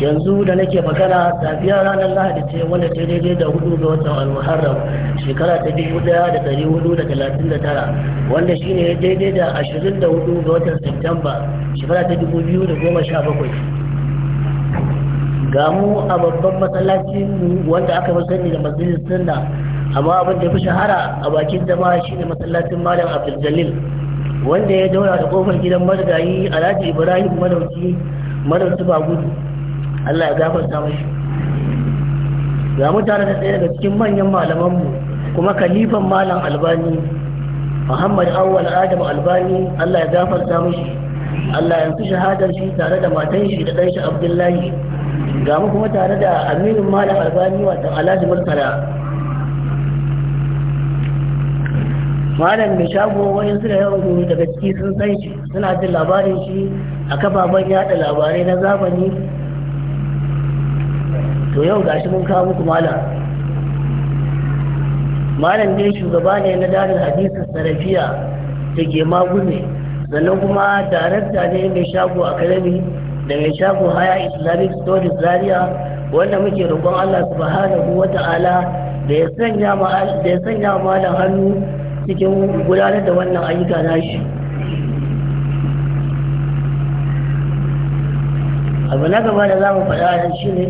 yanzu da nake magana safiya ranar lahadi ce wanda ta daidai da hudu ga watan al-muharram shekara ta dubu daya da dari hudu da talatin da tara wanda shine daidai da ashirin da hudu ga watan septemba shekara ta dubu biyu da goma sha bakwai ga mu a babban masallaci wanda aka fi sani da masjidin sunna amma abin da ya fi shahara a bakin jama'a shine masallacin malam abdul jalil wanda ya daura da kofar gidan marigayi alhaji ibrahim madauki madauki ba gudu Allah ya gafarta mashi ga mutane da ɗaya daga cikin manyan malamanmu kuma kalifan malam albani muhammad awwal adam albani Allah ya gafarta mashi Allah ya fi shahadar shi tare da matan shi da ɗanshi abdullahi ga mu kuma tare da aminin malam albani watan alhaji murtala malam mai shago wani suka yawan daga ciki sun san shi suna jin labarin shi a kafafen yada labarai na zamani to yau gashi mun kawo muku malam malam ne shugaba ne na darin hadisin sarafiya da ke magume sannan kuma darakta ne mai shago academy da mai shago haya islamic studies zaria wanda muke roƙon allah subhanahu wa ta'ala da ya sanya malam hannu cikin gudanar da wannan ayyuka nashi abu na gaba da za mu faɗa a shi ne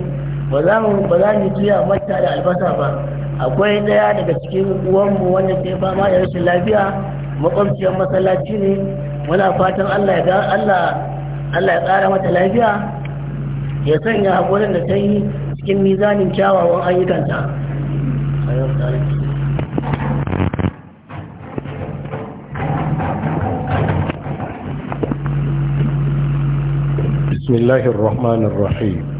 ba za mu ba za mu tuya mata da albasa ba akwai daya daga cikin uwanmu wanda ke fama da rashin lafiya makwabciyar masallaci ne muna fatan Allah ya Allah Allah ya mata lafiya ya sanya haƙurin da ta yi cikin mizanin kyawawan ayyukanta بسم الله الرحمن الرحيم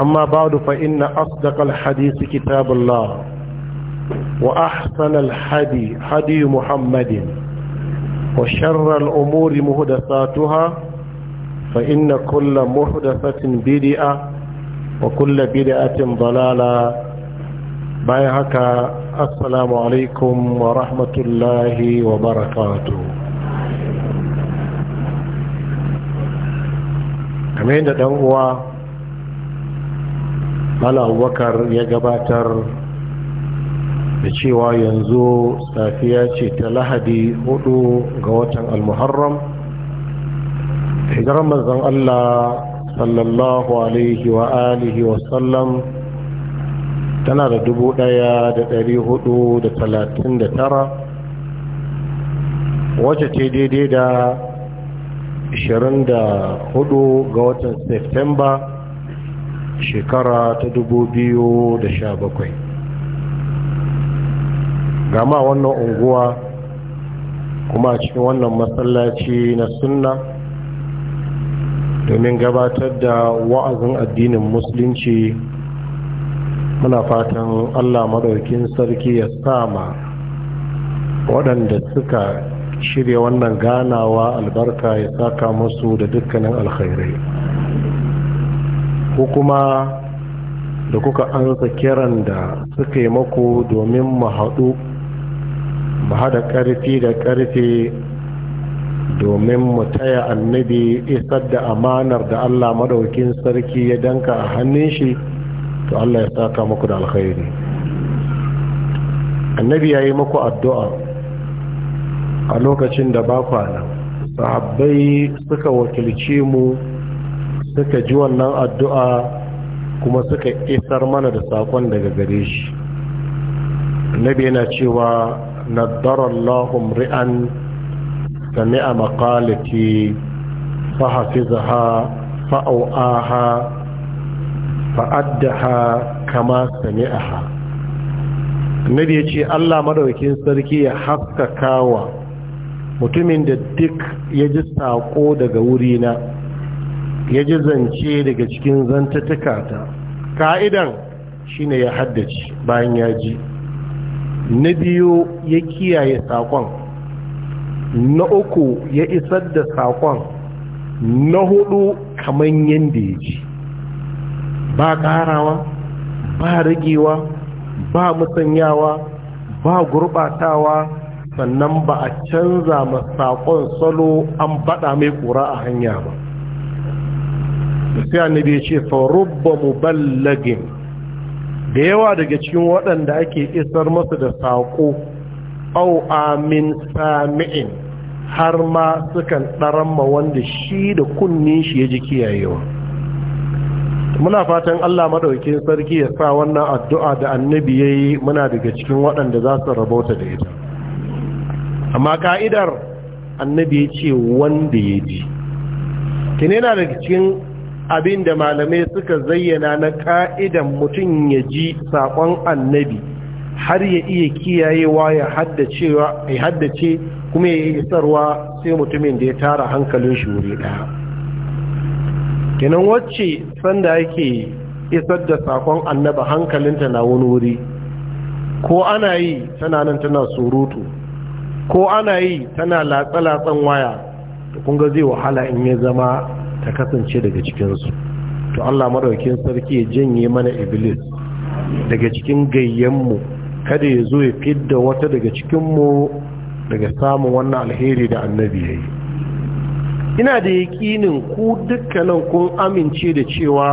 أما بعد فإن أصدق الحديث كتاب الله وأحسن الحدي حدي محمد وشر الأمور مهدساتها فإن كل مهدسة بدئة وكل بدئة ضلالة بايهك السلام عليكم ورحمة الله وبركاته أمين دعوة mala abubakar ya gabatar da cewa yanzu safiya ce ta lahadi hudu ga watan almuharram hijirar mazan allah sallallahu alaihi wa alihi wasallam tana da dubu daya da dari hudu da talatin da tara wacce ce daidai da 24 ga watan september shekara ta dubu biyu da sha bakwai. gama wannan unguwa kuma cikin wannan matsalaci na sunna domin gabatar da wa'azin addinin musulunci muna fatan allah maɗaukin sarki ya sama waɗanda suka shirya wannan ganawa albarka ya saka musu da dukkanin alkhairai ko kuma da kuka ansa kiran da suka yi maku domin mu haɗu mu haɗa ƙarfi da ƙarfe domin mu taya annabi isar da amanar da allah maɗaukin sarki ya danka a hannun shi to allah ya saka muku da alkhairi annabi ya yi muku addu'a a lokacin da ba kwana sahabbai suka wakilce mu suka ji wannan addu'a kuma suka isar mana da saƙon daga gare shi biya na cewa na naddarallahu ri'an sami'a maqalati fahafi zaha fa au'aha kama addaha kama ha. Na biya ce Allah madaukin sarki ya haskakawa mutumin da duk ya ji saƙo daga wurina ya ji zance daga cikin zantattuka ta ka'idan shine ya haddace bayan ya ji na biyu ya kiyaye saƙon na uku ya isar da saƙon na hudu kamar yadda ya ji ba ƙarawa ba ragewa ba musanyawa ba gurɓatawa sannan ba a canza ma saƙon salo an baɗa mai ƙura a hanya ba sai annabi ya ce fa rubba muballagin da yawa daga cikin waɗanda ake isar masa da saƙo au amin sami'in har ma sukan ɗaramma wanda shi da kunni shi ya ji kiyayewa muna fatan Allah maɗaukin sarki ya sa wannan addu'a da annabi ya yi muna daga cikin waɗanda za su rabauta da ita amma ka'idar annabi ya ce wanda ya ji kine na daga cikin abin da malamai suka zayyana na ka'idan mutum ya ji saƙon annabi har ya iya kiyayewa ya haddace kuma ya yi isarwa sai mutumin da ya tara hankalin shuri ɗaya kenan wacce sanda yake isar da saƙon annaba hankalinta na wani wuri ko ana yi tana nan tana surutu ko ana yi tana latsa-latsan waya da kunga zai wahala in ya zama ta kasance daga cikinsu to Allah maraukin sarki ya janye mana iblis daga cikin gayyanmu kada ya zo ya fidda wata daga cikinmu daga samun wannan alheri da annabi ya ina da yakinin ku dukkanin kun amince da cewa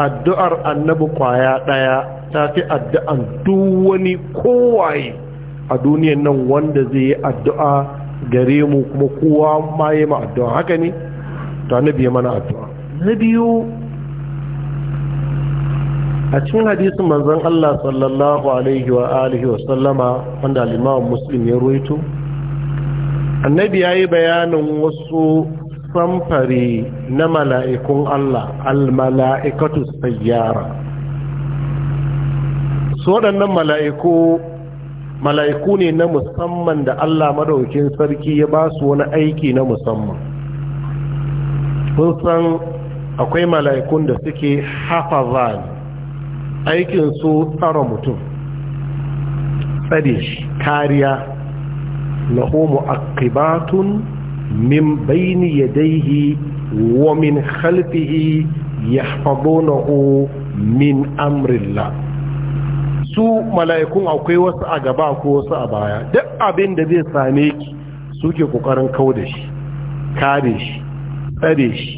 addu'ar annabi kwaya ɗaya ta fi addu'an duk wani kowaye a duniyan nan wanda zai yi addu'a gare mu kuma kowa ma yi ma addu'a haka ne? to annabi ya mana addu'a na biyu a cikin hadisin manzon Allah sallallahu alaihi wa alihi wa sallama wanda al-Imam Muslim ya ruwaito annabi yayi bayanin wasu samfari na mala'ikun Allah al-mala'ikatu sayyara su waɗannan mala'iku mala'iku ne na musamman da Allah madaukin sarki ya ba su wani aiki na musamman sun san akwai mala'ikun da suke hafazan aikin su tsara mutum tsare shi kariya homo akibatun min bayni yadaihi wa min khalfihi o min amrillah su mala'ikun akwai wasu a gaba ko wasu a baya duk abin da zai same ki suke ƙoƙarin kau da shi kare shi tsare shi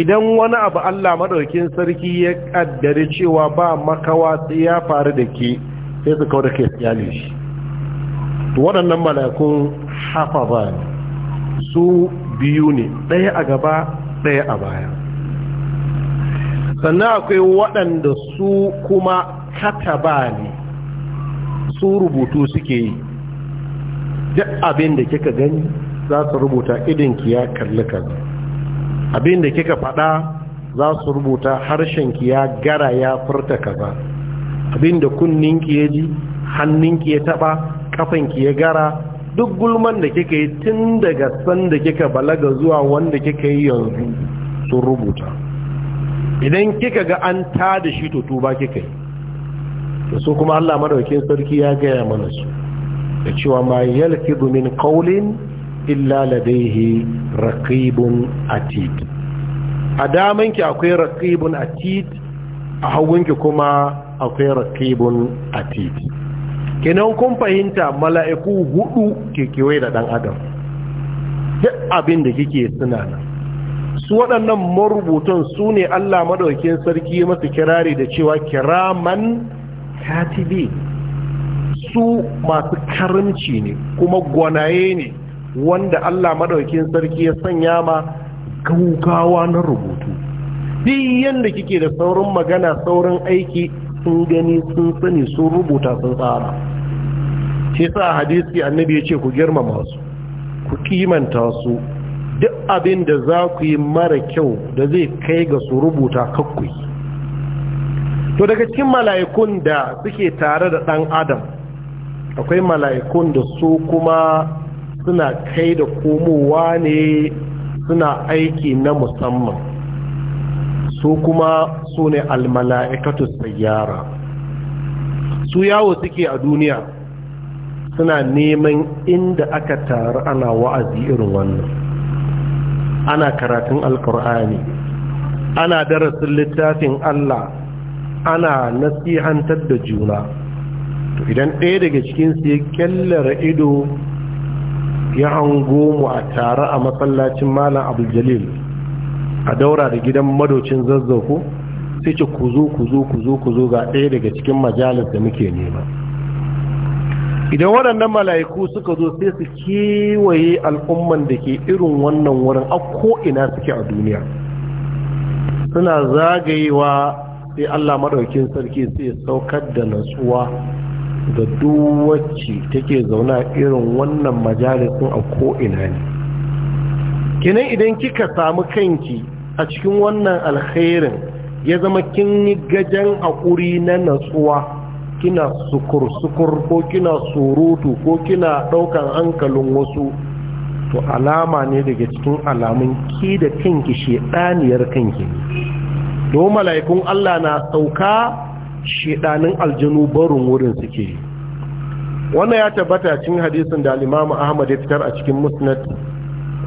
idan wani abu Allah madaukin sarki ya kaddare cewa ba makawa sai ya faru da ke sai su kawo da kai tsiyale shi to waɗannan malakun ba ne su biyu ne ɗaya a gaba ɗaya a baya sannan akwai waɗanda su kuma kata ba ne su rubutu suke yi duk abin da kika gani za su rubuta idinki ya kalli kaza abin da kika faɗa za su rubuta harshenki ya gara ya furta kaza abin da kunninki ya ji hannunki ya taɓa kafanki ya gara duk gulman da kika yi tun daga san da kika balaga zuwa wanda kika yi yanzu sun rubuta idan kika ga an ta da shi to tuba kika yi da su kuma allah madaukin sarki ya gaya mana su da cewa ma yalfi min kaulin? illa ladaihi raqibun atid a damanki akwai raqibun atid a hagunki kuma akwai raqibun atid kenan kun fahimta mala'iku hudu ke kewaye da dan adam duk abin da kike suna nan su waɗannan marubutan su ne Allah maɗaukin sarki masu kirari da cewa kiraman katibi su masu karimci ne kuma gwanaye ne wanda Allah maɗaukin sarki ya sanya ma gaugawa na rubutu duk yanda kike da saurin magana saurin aiki sun gani sun sani sun rubuta sun tsara shi sa hadisi annabi ya ce ku girmama su ku kimanta su duk abin da za ku yi mara kyau da zai kai ga su rubuta kakku to daga cikin mala'ikun da suke tare da ɗan adam akwai mala'ikun da su kuma suna kai da komowa ne suna aiki na musamman su kuma su ne almala'ikatu sayyara su yawo suke a duniya suna neman inda aka taru ana wa'azi irin wannan ana karatun alkur'ani ana darasin littafin Allah ana nasihantar da juna to idan ɗaya daga cikinsu ya kyallara ido ya hango mu a tare a matsalacin malam Abuljalil a daura da gidan madocin zazzafu sai ce ku zo ku zo ku zo ku zo ga ɗaya daga cikin majalis da muke nema idan waɗannan mala'iku suka zo sai su kewaye al'umman da ke irin wannan wurin a ko'ina suke a duniya suna zagayewa sai allah maɗaukin sarki sai saukar da natsuwa da wacce take zauna irin wannan majalisun a ko'ina ne kinan idan kika samu kanki a cikin wannan alkhairin ya zama kin yi gajen haƙuri na natsuwa kina sukur-sukur ko kina surutu ko kina ɗaukan hankalin wasu to alama ne daga cikin alamun ki da kanki ɗaniyar kanki ne don mala'ikun Allah na sauka shidanin aljanu barin wurin suke wannan ya tabbata cikin hadisin da al-Imam Ahmad ya fitar a cikin Musnad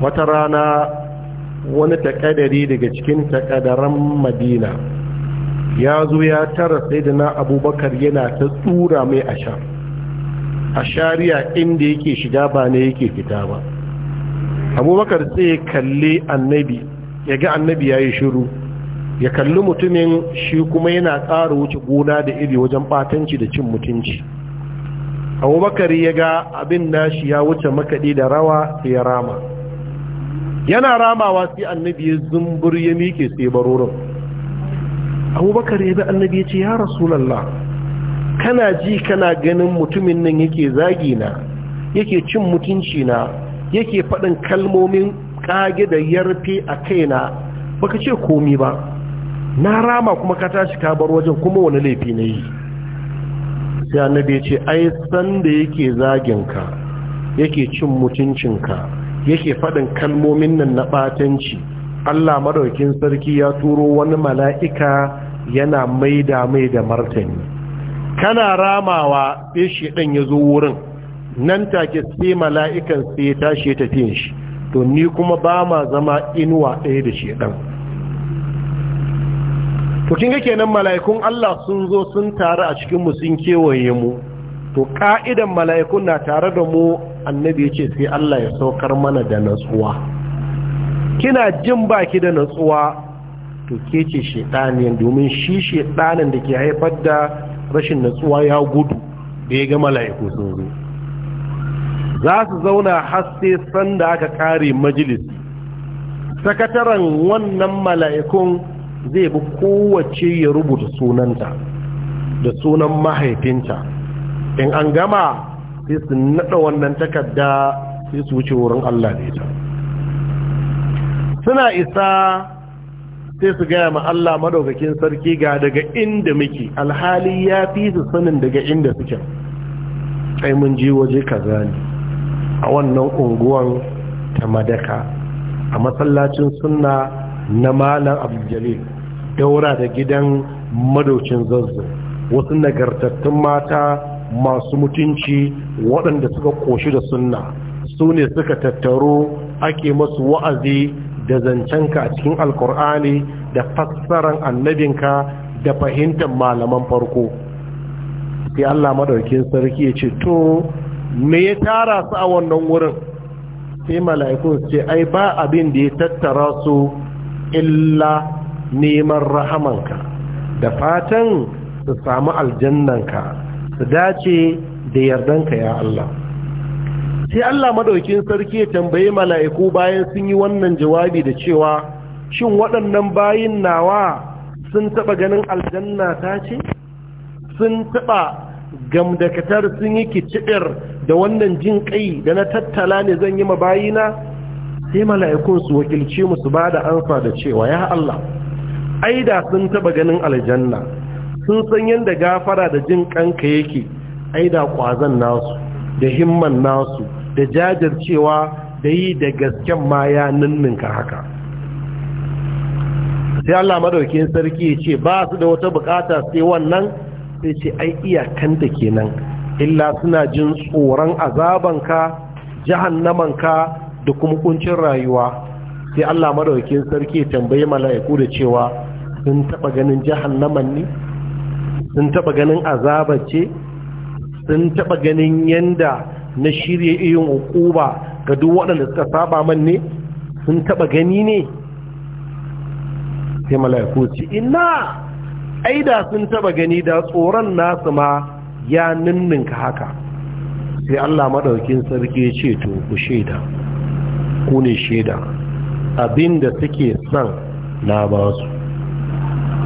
wata rana wani takadari daga cikin takadaran Madina ya zo ya tara na Abubakar yana ta tsura mai ashar shari'a inda yake shiga ba ne yake fita ba abubakar sai ya kalli annabi ya ga annabi ya yi shiru ya kalli mutumin shi kuma yana ƙara wuce gona da iri wajen batanci da cin mutunci abubakar ya ga abin nashi ya wuce makaɗi da rawa sai ya rama yana ramawa sai annabi ya zumbur ya sai barorin abubakar ya bi annabi ya ce ya rasulallah kana ji kana ganin mutumin nan yake zagi na yake cin mutunci na yake faɗin kalmomin ƙage da yarfe a kaina baka ce komi ba na rama kuma ka tashi ka bar wajen kuma wani laifi na yi sai annabi ce ai san da yake zaginka yake cin mutuncinka yake faɗin kalmomin nan na ɓatanci allah madaukin sarki ya turo wani mala'ika yana maida mai da martani kana ramawa sai shi dan ya zo wurin nan take sai mala'ikan sai ya tashi ya shi to ni kuma ba ma zama inuwa ɗaya da shi dan to kin ga kenan mala'ikun Allah sun zo sun taru a cikin mu sun kewaye mu to ka'idan mala'ikun na tare da mu annabi yace sai Allah ya saukar mana da natsuwa kina jin baki da natsuwa to ke ce shedani domin shi shedanin da ke haifar da rashin natsuwa ya gudu da ya ga mala'iku sun zo za su zauna har sai sanda aka kare majalis sakataren wannan mala'ikun zai bi kowace ya rubuta sunanta da sunan mahaifinta in an gama sai su naɗa wannan takarda sai su wuce wurin Allah da ita suna isa sai su gaya ma Allah madaukakin sarki ga daga inda muke alhali ya fi su sanin daga inda suke ai mun ji waje kaza ne a wannan unguwan ta madaka a masallacin sunna na malam abdul daura da gidan madaucin zazzau wasu nagartattun mata masu mutunci waɗanda suka koshi da sunna su ne suka tattaro ake masu wa'azi da zancenka a cikin alkur'ani da fassaran annabinka da fahimtar malaman farko sai allah maɗaukin sarki ya ce to me ya tara su a wannan wurin sai mala'ikun ce ai ba abin da ya tattara su illa neman rahamanka da fatan su samu aljannanka su dace da yardanka ya Allah sai Allah madaukin sarki ya tambaye mala'iku bayan sun yi wannan jawabi da cewa shin waɗannan bayin nawa sun taɓa ganin aljanna ta ce sun taɓa gamdakatar sun yi kicibir da wannan jin ƙai da na tattala ne zan yi ma bayina? sai mala'ikun su wakilce musu ba da ansa da cewa ya Allah ai da sun taba ganin aljanna sun san yadda gafara da jin kanka yake ai da kwazan nasu da himman nasu da jajircewa da yi da gasken ma ya ninninka haka sai Allah madaukin sarki ya ce ba su da wata bukata sai wannan sai ce ai iyakanta kenan illa suna jin tsoron azabanka jahannamanka da kuma kuncin rayuwa sai Allah madaukin sarki ya tambayi mala'iku da cewa sun taɓa ganin jahannaman ne sun taɓa ganin azaba ce sun taɓa ganin yanda na shirya iyon hukuba ga duk waɗanda suka saba man ne sun taɓa gani ne sai mala'iku ce ina aida sun taɓa gani da tsoron nasu ma ya ninninka haka sai Allah maɗaukin sarki ce to ku shaida ku ne shaida abinda suke son na ba su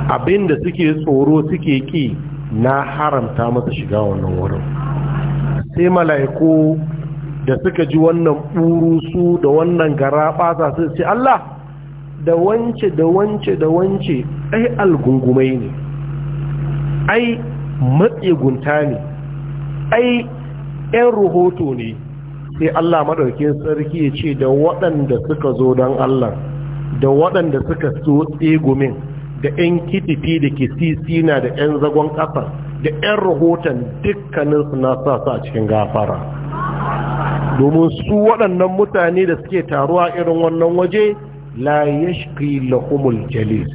Abin da suke tsoro suke ki na haramta masa shiga wannan wurin sai mala'iku da suka ji wannan burusu da wannan gara ɓasa sun ce Allah da wance da wance da wance ai algungumai ne ai matsegunta ne ai 'yan rahoto ne sai Allah maɗaukin sarki ya ce da waɗanda suka zo don Allah da waɗanda suka so tsegumin da 'yan kitifi da ke na da 'yan zagon ƙasa da 'yan rahoton dukkaninsu na sa su a cikin gafara domin su waɗannan mutane da suke taruwa irin wannan waje la yashqi lahumul jalis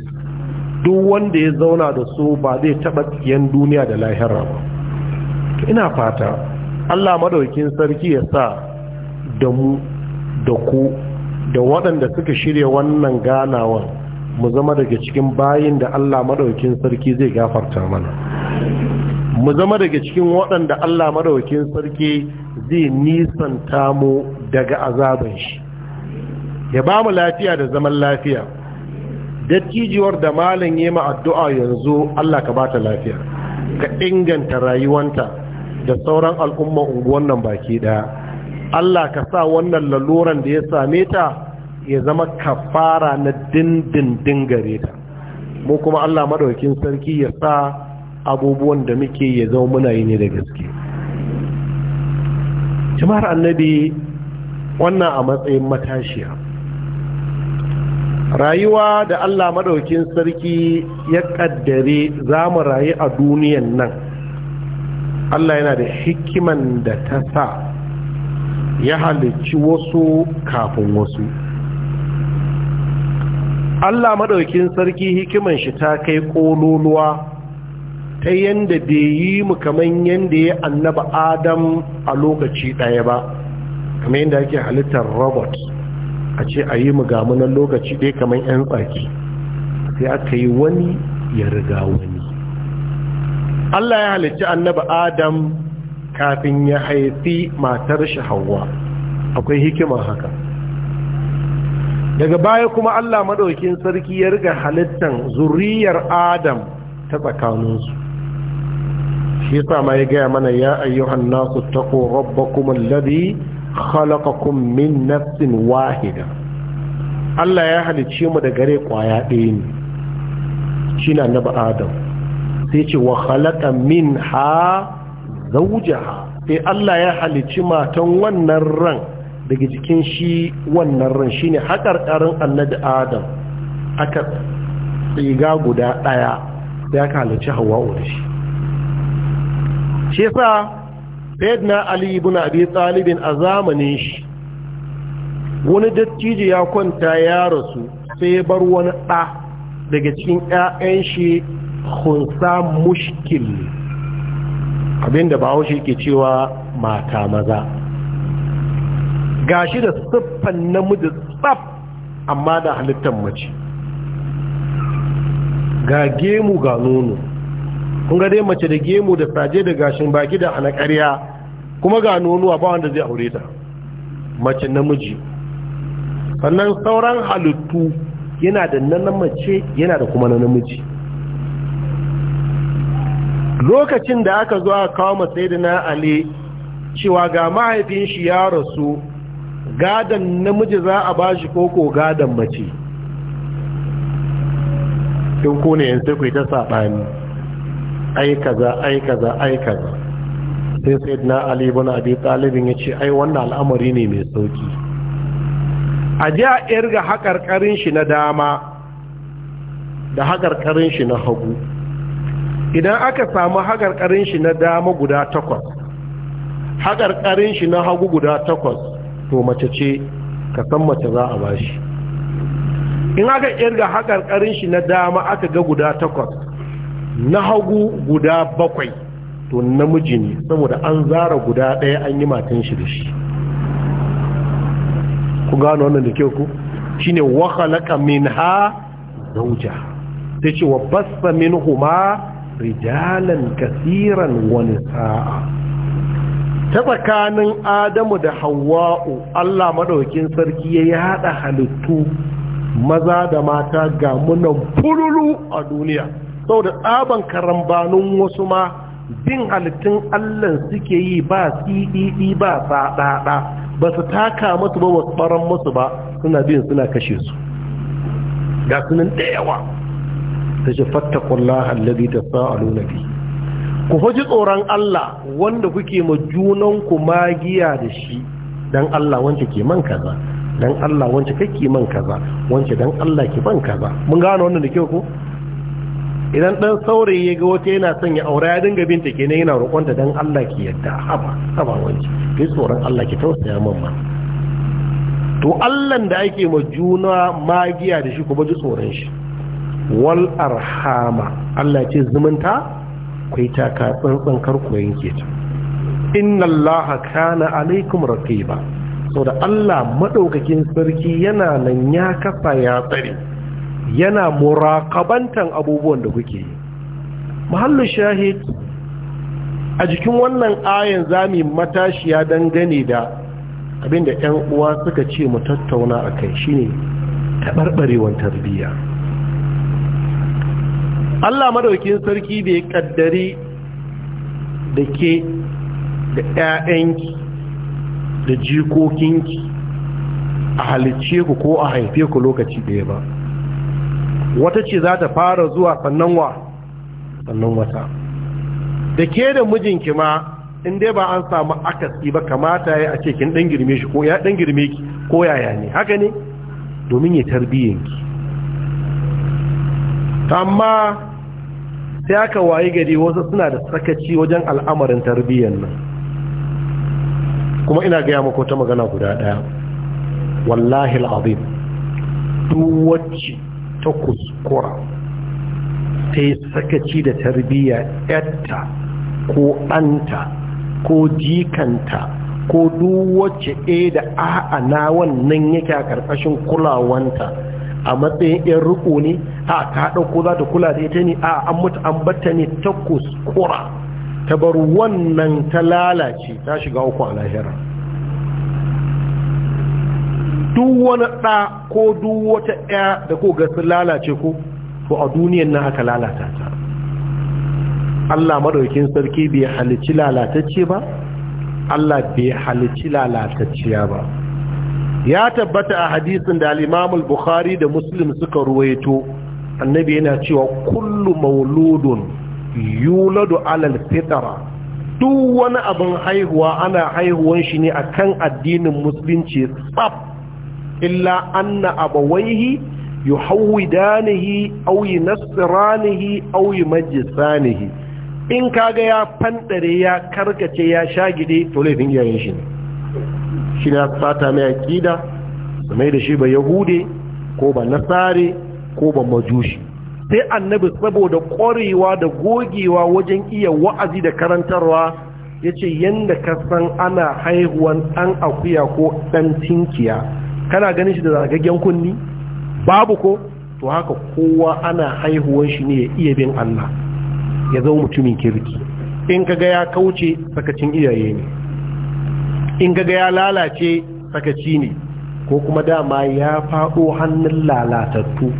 duk wanda ya zauna da su ba zai taɓa yan duniya da lahira ba ina fata Allah maɗaukin sarki ya sa da mu da ku da waɗanda suka shirya wannan ganawan mu zama daga cikin bayin da Allah madaukin sarki zai gafarta mana mu zama daga cikin waɗanda Allah maɗaukin sarki zai nisanta mu daga azaban shi ya ba mu lafiya da zaman lafiya dattijiwar da malam yi ma addu'a yanzu Allah ka bata lafiya ka inganta rayuwanta da sauran al'umma unguwan nan baki ɗaya, Allah ka sa wannan laluran da ya same ta ya zama kafara na dindindin gare ta mu kuma Allah madaukin sarki ya sa abubuwan da muke ya zama muna yi ne da gaske jama'ar annabi wannan a matsayin matashiya rayuwa da Allah maɗaukin sarki ya kaddare za mu rayu a duniyan nan Allah yana da hikiman da ta sa ya halicci wasu kafin wasu Allah maɗaukin sarki hikiman shi ta kai ƙololuwa ta yanda bai yi mu kaman yanda ya annaba Adam a lokaci ɗaya ba kamar yanda ake halittar robot a ce a yi mu gamunan lokaci ɗaya kamar 'yan tsaki sai aka yi wani ya riga wani Allah ya halicci annaba Adam kafin ya haifi matar shi akwai hikiman haka daga baya kuma Allah maɗaukin sarki ya riga halittan zuriyar Adam ta tsakaninsu shi ya ma ya gaya mana ya ayyuhan nasu ta kuma ladi alladhi khalaqakum min nafsin wahida Allah ya halicce mu da gare kwaya ɗaya ne shi na naba Adam sai ce wa ha minha zawjaha sai Allah ya halicci matan wannan ran daga cikin shi wannan ran shine haƙarƙarin annabi adam aka tsiga guda ɗaya ya aka halarci hawa'u da shi shi sa sayyidina ali ibn abi talibin a zamanin shi wani dattijo ya kwanta ya rasu sai bar wani ɗa daga cikin ƴaƴan shi hunsa mushkil abinda bahaushe ke cewa mata maza gashi da siffan namiji tsaf amma da halittar mace ga gemu ga nono kun ga dai mace da gemu da saje da gashin baki da ana ƙarya kuma ga nono bawan da zai aure ta mace namiji sannan sauran halittu yana da na mace yana da kuma na namiji lokacin da aka zo a kawo matsayi na ali cewa ga mahaifin shi ya rasu gadon namiji za a bashi koko gadon mace in kone ne yanzu ku yi ta saɓani ai kaza ai kaza ai kaza sai sai na ali na abi talibin ya ce ai wannan al'amari ne mai sauki a ji a irga haƙarƙarin shi na dama da haƙarƙarin shi na hagu idan aka samu haƙarƙarin shi na dama guda takwas haƙarƙarin shi na hagu guda takwas to mace ce ka san mace za a bashi in aka kirga haƙarƙarin shi na dama aka ga guda takwas na hagu guda bakwai to namiji ne saboda an zara guda ɗaya an yi matan shi da shi ku gano wannan da kyau ku shine wa khalaqa minha zawja Ta ce wa bassa huma rijalan kaseeran wani sa'a. ta tsakanin adamu da hawa'u allah maɗaukin sarki ya yi haɗa halittu maza da mata ga munan fululu a duniya sau da tsaban karambanin wasu ma bin halittun allah suke yi ba siɗiɗi ba tsadaɗa. ba su taka musu ba wasu ɓaran masu ba suna bin suna kashe su ga sunan da yawa ta ce ta allazi na biyu ku hoji tsoron Allah wanda kuke ma junanku magiya da shi dan Allah wanda ke man kaza dan Allah wanda kake man kaza wanda dan Allah ke ban kaza mun gano wannan da kyau ko idan dan saurayi ya ga wata yana son ya aure ya dinga binta kenan yana ta dan Allah ki yadda haba haba wanda ke tsoron Allah ki tausaya min ma to Allah da ake ma juna magiya da shi kuma ji tsoron shi wal arhama Allah ce zumunta kai taka tsantsan karku yanke ta inna allaha kana alaikum raqiba so da Allah madaukakin sarki yana nan ya kafa ya tsare yana muraqabantan abubuwan da kuke yi mahallu shahid a jikin wannan ayan zami matashiya dangane da abinda 'yan uwa suka ce mu tattauna a kai shine taɓarɓarewar tarbiyya Allah madaukin sarki bai kaddari da ke da ƴaƴanki da jikokinki a halicce ku ko a haife ku lokaci ɗaya ba wata ce za ta fara zuwa sannan wa sannan wata da ke da mijinki ma in dai ba an samu akasi ba kamata ya a ce kin ɗan girme shi ko ya ɗan girme ki ko yaya ne haka ne domin ya tarbiyyanki amma sai aka wayi gari wasu suna da sakaci wajen al'amarin tarbiyyar nan kuma ina gaya maka ta magana guda ɗaya wallahi al'azim duwacce ta kuskura sai sakaci da tarbiyya yatta ko ɗanta ko jikanta ko duwacce a da a'a na wannan yake a ƙarƙashin kulawanta a matsayin 'yan riko ne a ta ɗauko za ta kula da ita ne a an mutu an batta ne ta kuskura ta bar wannan ta lalace ta shiga uku a lahira duk wani ɗa ko duk wata ɗaya da ko ga sun lalace ko to a duniyan na aka lalata ta Allah madaukin sarki bai halicci lalatacce ba Allah bai halicci lalatacciya ba ya tabbata a hadisin da al-Imam bukhari da Muslim suka ruwaito annabi yana cewa kullu mauludun yuladu alal fitara duk wani abin haihuwa ana haihuwan shi ne a kan addinin musulunci tsab illa anna abawaihi yuhawwidanihi aw yunasiranihi aw yumajjisanihi in kaga ya fandare ya karkace ya shagide to laifin yayin shi ne shi ne ya sata mai aqida mai da shi ba yahude ko ba nasare ko ba majushi sai annabi saboda ƙwarewa da gogewa wajen iya wa'azi da karantarwa ya ce yadda ka san ana haihuwan ɗan akuya ko ɗan tinkiya kana ganin shi da zagaggen kunni babu ko to haka kowa ana haihuwan shi ne ya iya bin Allah ya zo mutumin kirki in kaga ya kauce sakacin iyaye ne in kaga ya lalace sakaci ne ko kuma dama ya faɗo hannun lalatattu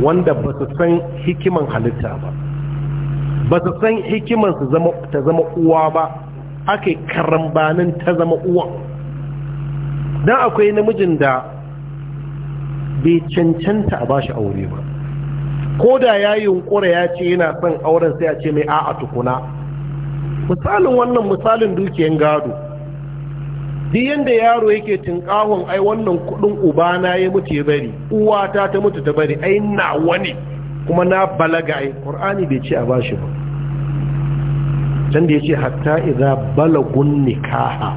wanda ba su san hikiman halitta ba ba su san hikiman su ta zama uwa ba aka yi karambanin ta zama uwa don akwai namijin da bai cancanta a bashi aure ba ko da ya yi yunkura ya ce yana son auren sai a ce mai a'a tukuna misalin wannan misalin dukiyan gado duk yanda yaro yake tinkahon ai wannan kudin na ya mutu ya bari uwata ta mutu ta bari ai nawa ne kuma na balaga ai qur'ani bai ce a bashi ba can da ce hatta idza balagun nikaha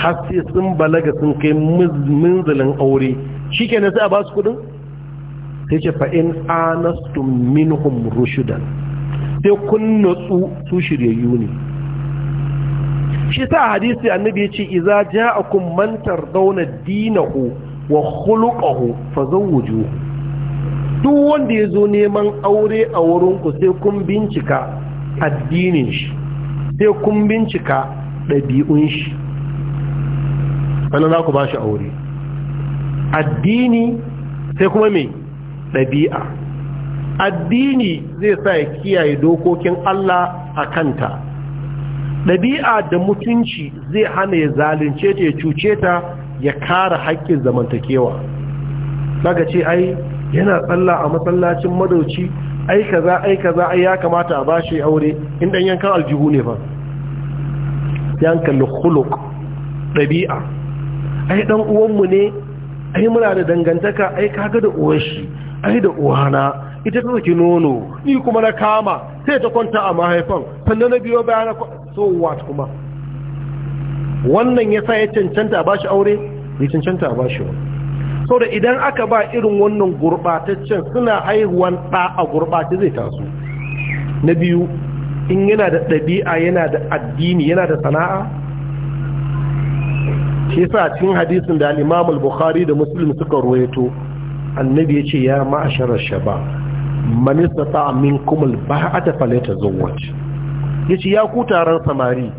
har sun balaga sun kai minzilin aure shikenan sai a basu kudin sai ce fa in minhum rushudan sai kun natsu su shiryayyu ne shi ta hadisi annabi ya ce iza mantar dauna dina dinahu wa khuluquhu fazawwiju duk wanda ya zo neman aure a wurinku, sai kun bincika addinin shi sai kun bincika ɗabi'un shi wannan za ku ba shi aure addini sai kuma mai ɗabi'a addini zai sa ya kiyaye dokokin Allah a kanta ɗabi'a da mutunci zai hana ya zalunce ta ya cuce ta ya kara haƙƙin zamantakewa daga ce ai yana tsalla a matsalacin madauci ai kaza ai kaza ai ya kamata a bashi aure in dan yankan aljihu ne fa yankan lukuluk ɗabi'a. ai ɗan uwanmu ne ai muna da dangantaka ai kaga da uwan shi ai da uwana ita ta nono ni kuma na kama sai ta kwanta a mahaifan sannan na biyo bayana so what kuma wannan ya sa ya cancanta a bashi aure ya cancanta a bashi ba so da idan aka ba irin wannan gurbataccen suna haihuwan ɗa a gurbata zai taso na biyu in yana da ɗabi'a yana da addini yana da sana'a Ke sa cikin hadisin da al'imam al-bukhari da muslim suka ruwaito annabi ya ce ya ma'ashirar shaba ba a tafale ta zuwa falyatazawwaj ce ya ku taron samari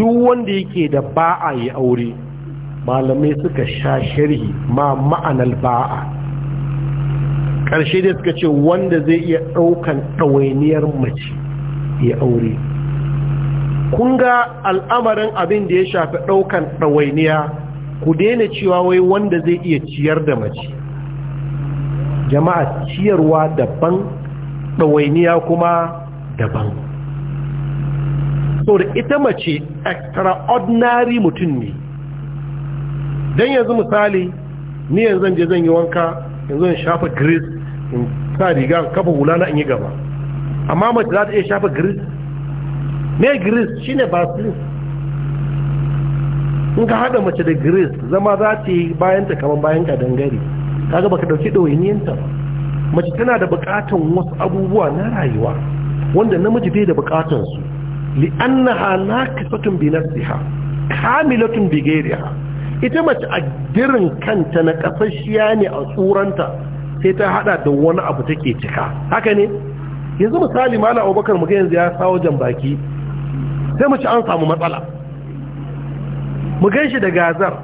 duk wanda yake da ba'a ya aure malamai suka sha sharhi ma ma'anar ba'a ƙarshe da suka ce wanda zai iya ɗaukan ɗawainiyar mace ya aure kun ga al'amarin abin da ya shafi ɗaukan ɗawainiya ku daina cewa wai wanda zai iya ciyar da mace jama'a ciyarwa daban ɗawainiya kuma daban saboda ita mace extraordinary mutum ne don yanzu misali ni yanzu zan je zan yi wanka yanzu in shafa gris, in sa riga kafa hula na in yi gaba amma mace za ta iya shafa gris. me grease shine basil in ka haɗa mace da gris zama za ta yi bayan ta kaman bayan ka dangare kaga baka dauki ɗoyiniyanta ba mace tana da bukatan wasu abubuwa na rayuwa wanda namiji bai da bukatansu. su li'annaha nakasatun bi nafsiha kamilatun bi ha, ita mace a dirin kanta na kasashiya ne a suranta, sai ta hada da wani abu take cika haka ne yanzu misali malam Abubakar muga yanzu ya sawo jan baki sai mace an samu matsala mu shi da gazar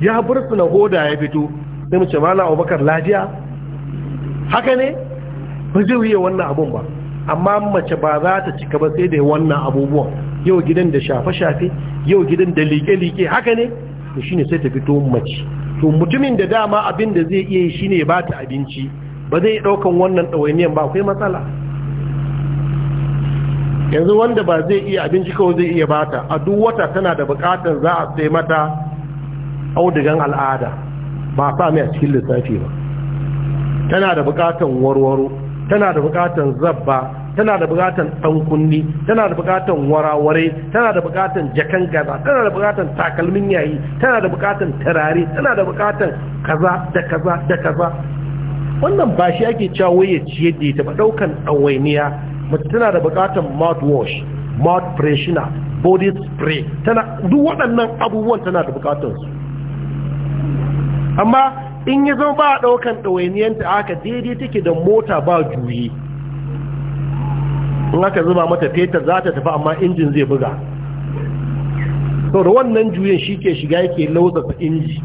ya bursu na hoda ya fito sai mace malam Abubakar lafiya haka ne ba zai yi wannan abun ba amma mace ba za ta cika ba sai da wannan abubuwan yau gidan da shafe-shafe yau gidan da liƙe-liƙe haka ne to shine sai ta fito mace to mutumin da dama abin da zai iya yi shine ba ta abinci ba zai ɗaukan wannan ɗawainiyan ba akwai matsala yanzu wanda ba zai iya abinci kawai zai iya bata a duk wata tana da buƙatar za a sai mata audigan al'ada ba sa mai a cikin lissafi ba tana da buƙatar warwaro tana da bukatan zabba tana da bukatan ɗankunni tana da bukatan waraware tana da bukatan jakan gaza tana da bukatan takalmin yayi tana da bukatan tarare tana da bukatan kaza da kaza da kaza wannan ba shi ake cewa ya ciye da ta ba ɗaukan ɗawainiya mace tana da bukatan wash, mouth freshener body spray tana duk waɗannan abubuwan tana da su amma in ya zama ba a ɗaukan ɗawainiyanta haka daidai take da mota ba juyi in aka zuba mata fetur za ta tafi amma injin zai buga sau da wannan juyin shi ke shiga yake lauzasa inji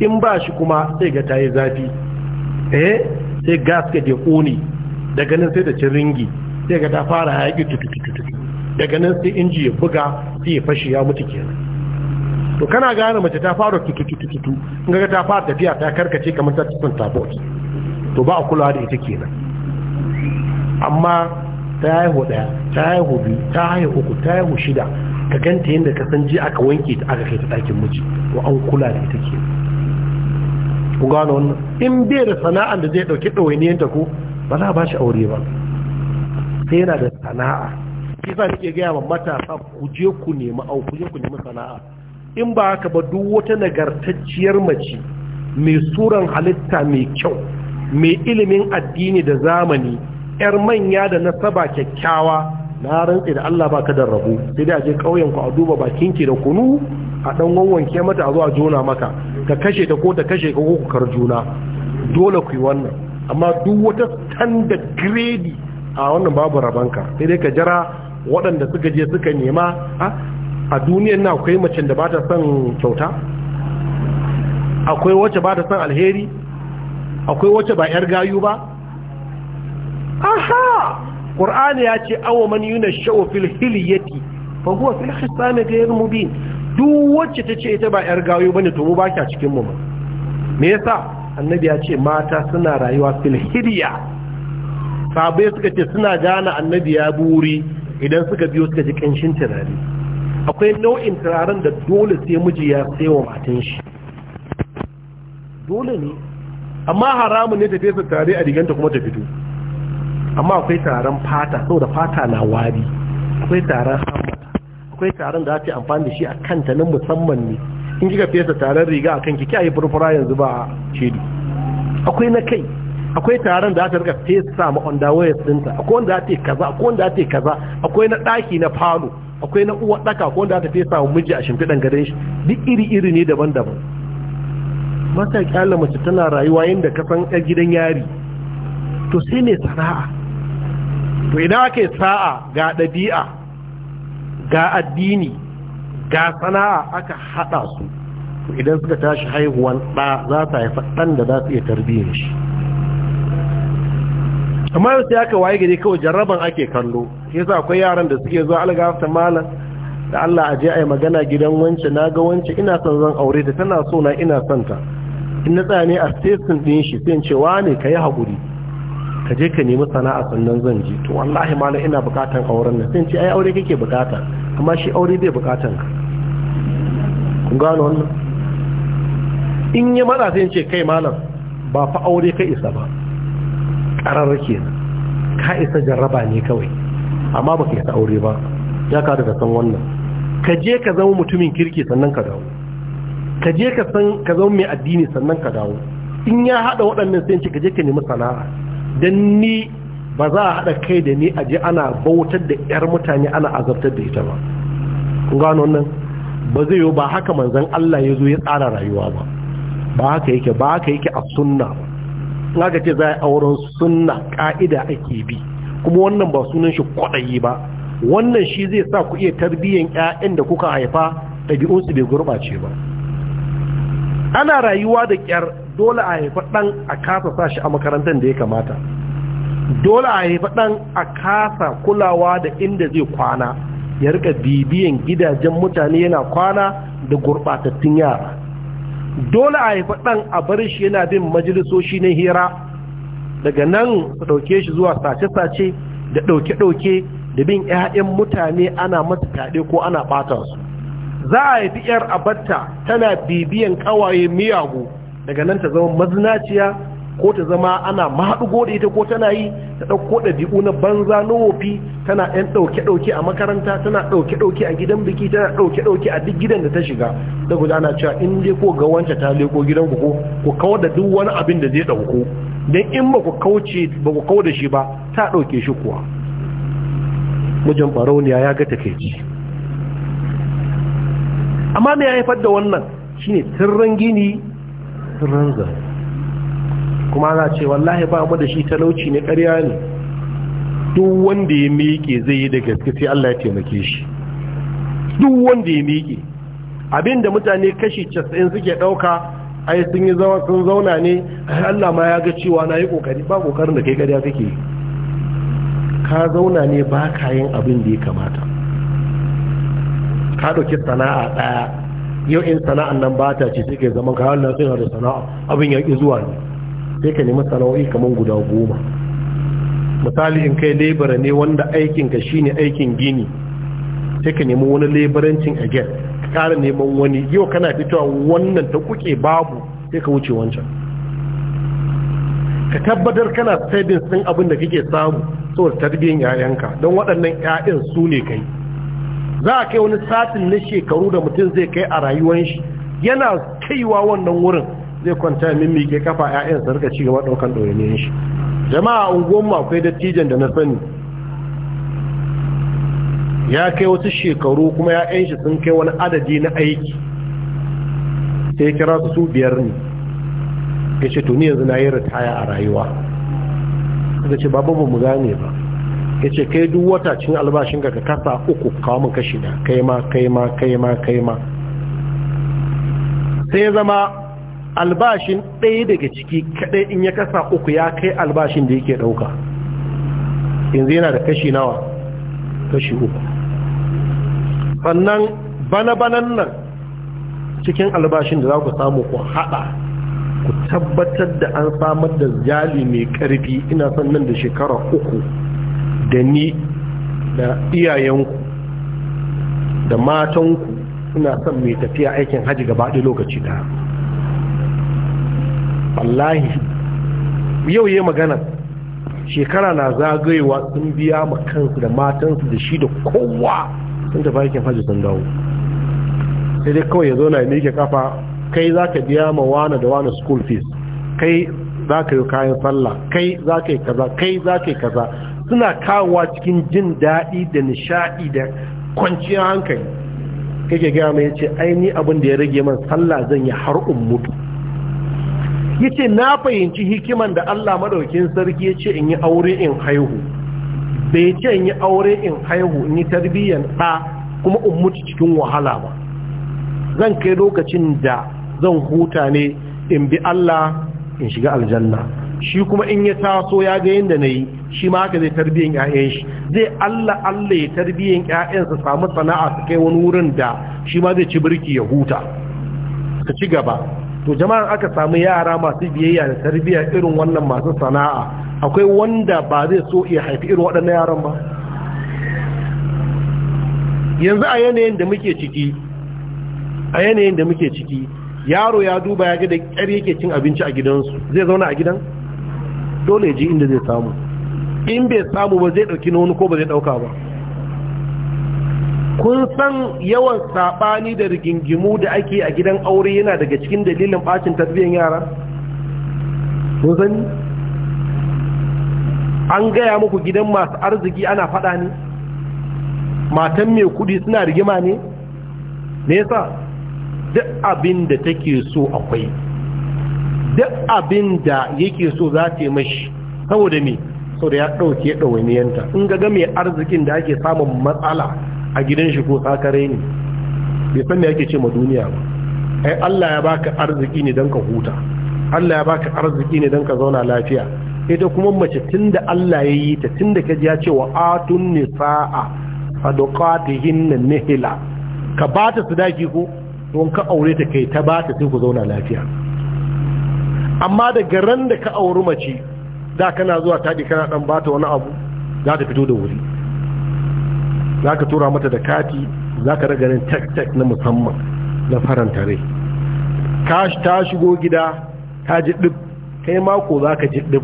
in ba shi kuma sai ga ta yi zafi eh sai gasket ya ƙone daga nan sai da cin ringi sai ga ta fara haƙi tututututu daga nan sai inji ya buga sai ya fashe ya mutu kenan to kana gane mace ta fara tututututu in ga ta fara tafiya ta karkace kamar ta cikin tabot to ba a kulawa da ita kenan amma ta haihu ɗaya, ta haihu biyu ta haihu uku ta haihu shida ka ganta yadda ka san ji aka wanke ta aka kai ta ɗakin miji to an kula da ita kenan ku gano wannan in bai da sana'a da zai ɗauki ɗawainiyar ta ko ba za a ba shi aure ba sai yana da sana'a shi sa nake gaya wa matasa ku je ku nemi au ku je ku nemi sana'a in ba haka ba duk wata nagartacciyar mace mai tsoron halitta mai kyau mai ilimin addini da zamani yar manya da nasaba kyakkyawa na rantsi da Allah baka da rabu sai dai a je ƙauyen ku a duba bakinki da kunu a ɗan wanwanke mata a zo a jona maka ka kashe ta ko ta kashe ka ko kar juna dole ku yi wannan amma duk wata standard grade a wannan babu rabanka sai dai ka jira waɗanda suka je suka nema a duniyan na akwai macen da ba ta son kyauta akwai wacce ba ta son alheri akwai wacce ba 'yar gayu ba aha ƙur'ani ya ce awa man yuna sha'o fil hiliyati fa huwa fil khisami ghayr mubin duk wacce ta ce ita ba 'yar gayu bane to mu baki a cikin mu me yasa annabi ya ce mata suna rayuwa fil hiliya sabai suka ce suna gane annabi ya buri idan suka biyo suka ji kanshin tunani akwai nau'in turaren da dole sai miji ya wa matan shi dole ne amma haramun ne tafiye su tare a diganta kuma ta fito amma akwai taron fata sau da fata na wari akwai taron hammata akwai taron da ake amfani da shi a kanta na musamman ne in kika fesa taron riga a kan kiki a yi furfura yanzu ba shaidu akwai na kai akwai taron da aka rika fesa ma underwear dinta akwai wanda ake kaza akwai wanda ake kaza akwai na daki na falo akwai na uwa daka akwai wanda aka fesa wa miji a shimfidan garin shi duk iri iri ne daban-daban mata kyalla mace tana rayuwa yadda ka san gidan yari to sai ne sana'a to idan aka sa'a ga ɗabi'a ga addini ga sana'a aka haɗa su idan suka tashi haihuwan ɗa za ta haifa ɗan da za su iya tarbiyyar shi amma yau sai aka waye gari kawai jarraban ake kallo shi yasa akwai yaran da suke zuwa algafta malam da Allah aje ai magana gidan wance na ga wance ina son zan aure ta tana so na ina son ta in na tsaya ne a station din shi sai ce wane kai hakuri ka je ka nemi sana'a sannan zan je to wallahi malam ina bukatan auren nan sai ce ai aure kake bukata amma shi aure bai bukatan ka kun gano wannan in ya mana sai ce kai malam ba fa aure ka isa ba karar ke ka isa jarraba ne kawai amma ba ka isa aure ba ya ka da san wannan ka je ka zama mutumin kirki sannan ka dawo ka je ka san ka zama mai addini sannan ka dawo in ya hada waɗannan sai ka je ka nemi sana'a dan ni ba za a hada kai da ni a je ana bautar da yar mutane ana azabtar da ita ba kun gano wannan ba zai yi ba haka manzon Allah ya zo ya tsara rayuwa ba ba haka yake ba haka yake a sunna ba aka ce za a auren sunna ka'ida ake bi kuma wannan ba sunan shi kwaɗayi ba wannan shi zai sa ku iya tarbiyyan ƴaƴan da kuka haifa ɗabi'unsu bai gurɓace ba ana rayuwa da ƙyar dole a haifa ɗan a kasa sa shi a makarantar da ya kamata dole a haifa ɗan a kasa kulawa da inda zai kwana ya rika bibiyan gidajen mutane yana kwana da gurɓatattun yara dole a yi ɗan a bar shi yana bin majalisoshi na hira daga nan su ɗauke shi zuwa sace-sace da ɗauke-ɗauke da bin 'ya'yan mutane ana mata taɗe ko ana ɓata su za a haifi 'yar abarta tana bibiyan ƙawaye miyagu daga nan ta zama mazinaciya ko ta zama ana mahaɗugo da ita ko tana yi ta ɗauko ɗabi'u na banza na wofi tana ɗan ɗauke-ɗauke a makaranta tana ɗauke-ɗauke a gidan biki tana ɗauke-ɗauke a duk gidan da ta shiga da guda ana cewa in dai ko ga wancan ta leko gidan ku ku kawar da duk wani abin da zai ɗauko don in ba ku kauce ba ku kawar da shi ba ta ɗauke shi kuwa mijin farauniya ya ga takaici amma me ya haifar da wannan shine sirran gini sirran zai kuma za ce wallahi ba mu da shi talauci ne ƙarya ne duk wanda ya miƙe zai yi da gaske sai Allah ya taimake shi duk wanda ya miƙe abinda mutane kashi 90 suke ɗauka ai sun yi zama sun zauna ne ai Allah ma ya ga cewa na yi kokari ba kokarin da kai ƙarya kake ka zauna ne ba ka yin abin da ya kamata ka ɗauki sana'a ɗaya yau in sana'an nan ba ta ce sai ke zaman ka Allah sai da sana'a abin ya ƙi zuwa ne sai ka nemi sana'o'i kamar guda goma misali in kai lebara ne wanda aikin ka shine aikin gini sai ka nemi wani lebarancin a gyar ƙara neman wani yau kana fitowa wannan ta kuke babu sai ka wuce wancan ka tabbatar kana savings sun abin da kake samu saboda tarbiyyar yayanka don waɗannan 'ya'yan su ne kai za a kai wani satin na shekaru da mutum zai kai a rayuwar shi yana kaiwa wannan wurin zai kwanta min mike kafa ƴaƴan sa rika ci gaba daukan ɗoyinin shi jama'a unguwan mu akwai dattijan da na sani ya kai wasu shekaru kuma ƴaƴan shi sun kai wani adadi na aiki sai kira su su biyar ne ya ce to yanzu na yi ritaya a rayuwa suka ce babu ba mu gane ba ya ce kai duk wata cin albashin ka kasa uku kawo mun kashi da kai ma kai ma kai ma kai ma sai zama albashin ɗaya daga ciki kaɗai in ya kasa uku ya kai albashin da yake ɗauka yanzu yana da kashi nawa kashi uku sannan bana-banan nan cikin albashin da za ku samu ku haɗa ku tabbatar da an samar da jali mai ƙarfi ina son nan da shekara uku da ni da iyayenku da matanku ina son mai tafiya aikin hajji gaba ɗaya lokaci ɗaya wallahi yau yi magana shekara na zagayewa sun biya ma kansu da matansu da shi da kowa sun tafi aikin hajji sun dawo sai dai kawai ya zo na yi miƙe kafa kai za ka biya ma wane da wane school fees kai za ka yi kayan sallah kai za ka yi kaza kai za ka yi kaza suna kawowa cikin jin daɗi da nishaɗi da kwanciyar hankali kake gaya mai ce aini abin da ya rage man sallah zan yi har in mutu yace na fahimci hikiman da Allah maɗaukin sarki yace in yi aure in haihu bai ce in yi aure in haihu in yi tarbiyyan ɗa kuma in mutu cikin wahala ba zan kai lokacin da zan huta ne in bi Allah in shiga aljanna shi kuma in ya taso ya ga yadda na yi shi ma haka zai tarbiyyan 'ya'yan shi zai Allah Allah ya tarbiyyan ƴaƴan su samu sana'a su kai wani wurin da shi ma zai ci birki ya huta Ka ci gaba to jama'an aka samu yara masu biyayya da tarbiyya irin wannan masu sana'a akwai wanda ba zai so iya haifi irin waɗannan yaran ba yanzu a yanayin da muke ciki a yanayin da muke ciki yaro ya duba ya ga da ƙyar yake cin abinci a gidansu zai zauna a gidan dole ji inda zai samu in bai samu ba zai ɗauki nono ko ba zai ɗauka ba kun san yawan saɓani da rigingimu da ake a gidan aure yana daga cikin dalilin ɓacin tarbiyyar yara kun sani an gaya muku gidan masu arziki ana faɗa ne matan mai kuɗi suna rigima ne nesa duk abin da take so akwai duk abin da yake so za ta yi mashi saboda me saboda ya ɗauke ɗawainiyanta in ga mai arzikin da ake samun matsala a gidan shi ko tsakare ne bai san me yake ce ma duniya ba ai Allah ya baka arziki ne don ka huta Allah ya baka arziki ne don ka zauna lafiya ita kuma mace tunda Allah ya yi ta tunda ka ji ya ce wa atun nisaa sadaqatihin nihla ka ba ta sadaki ko don ka aure ta kai ta ba ta sai ku zauna lafiya amma daga ran da ka auri mace da kana zuwa taɗi kana dan bata wani abu za ta fito da wuri za ka tura mata da kati za ka ragarin tek-tek na musamman na faranta rai ta shigo gida ta ji ɗib kai mako za ka ji ɗib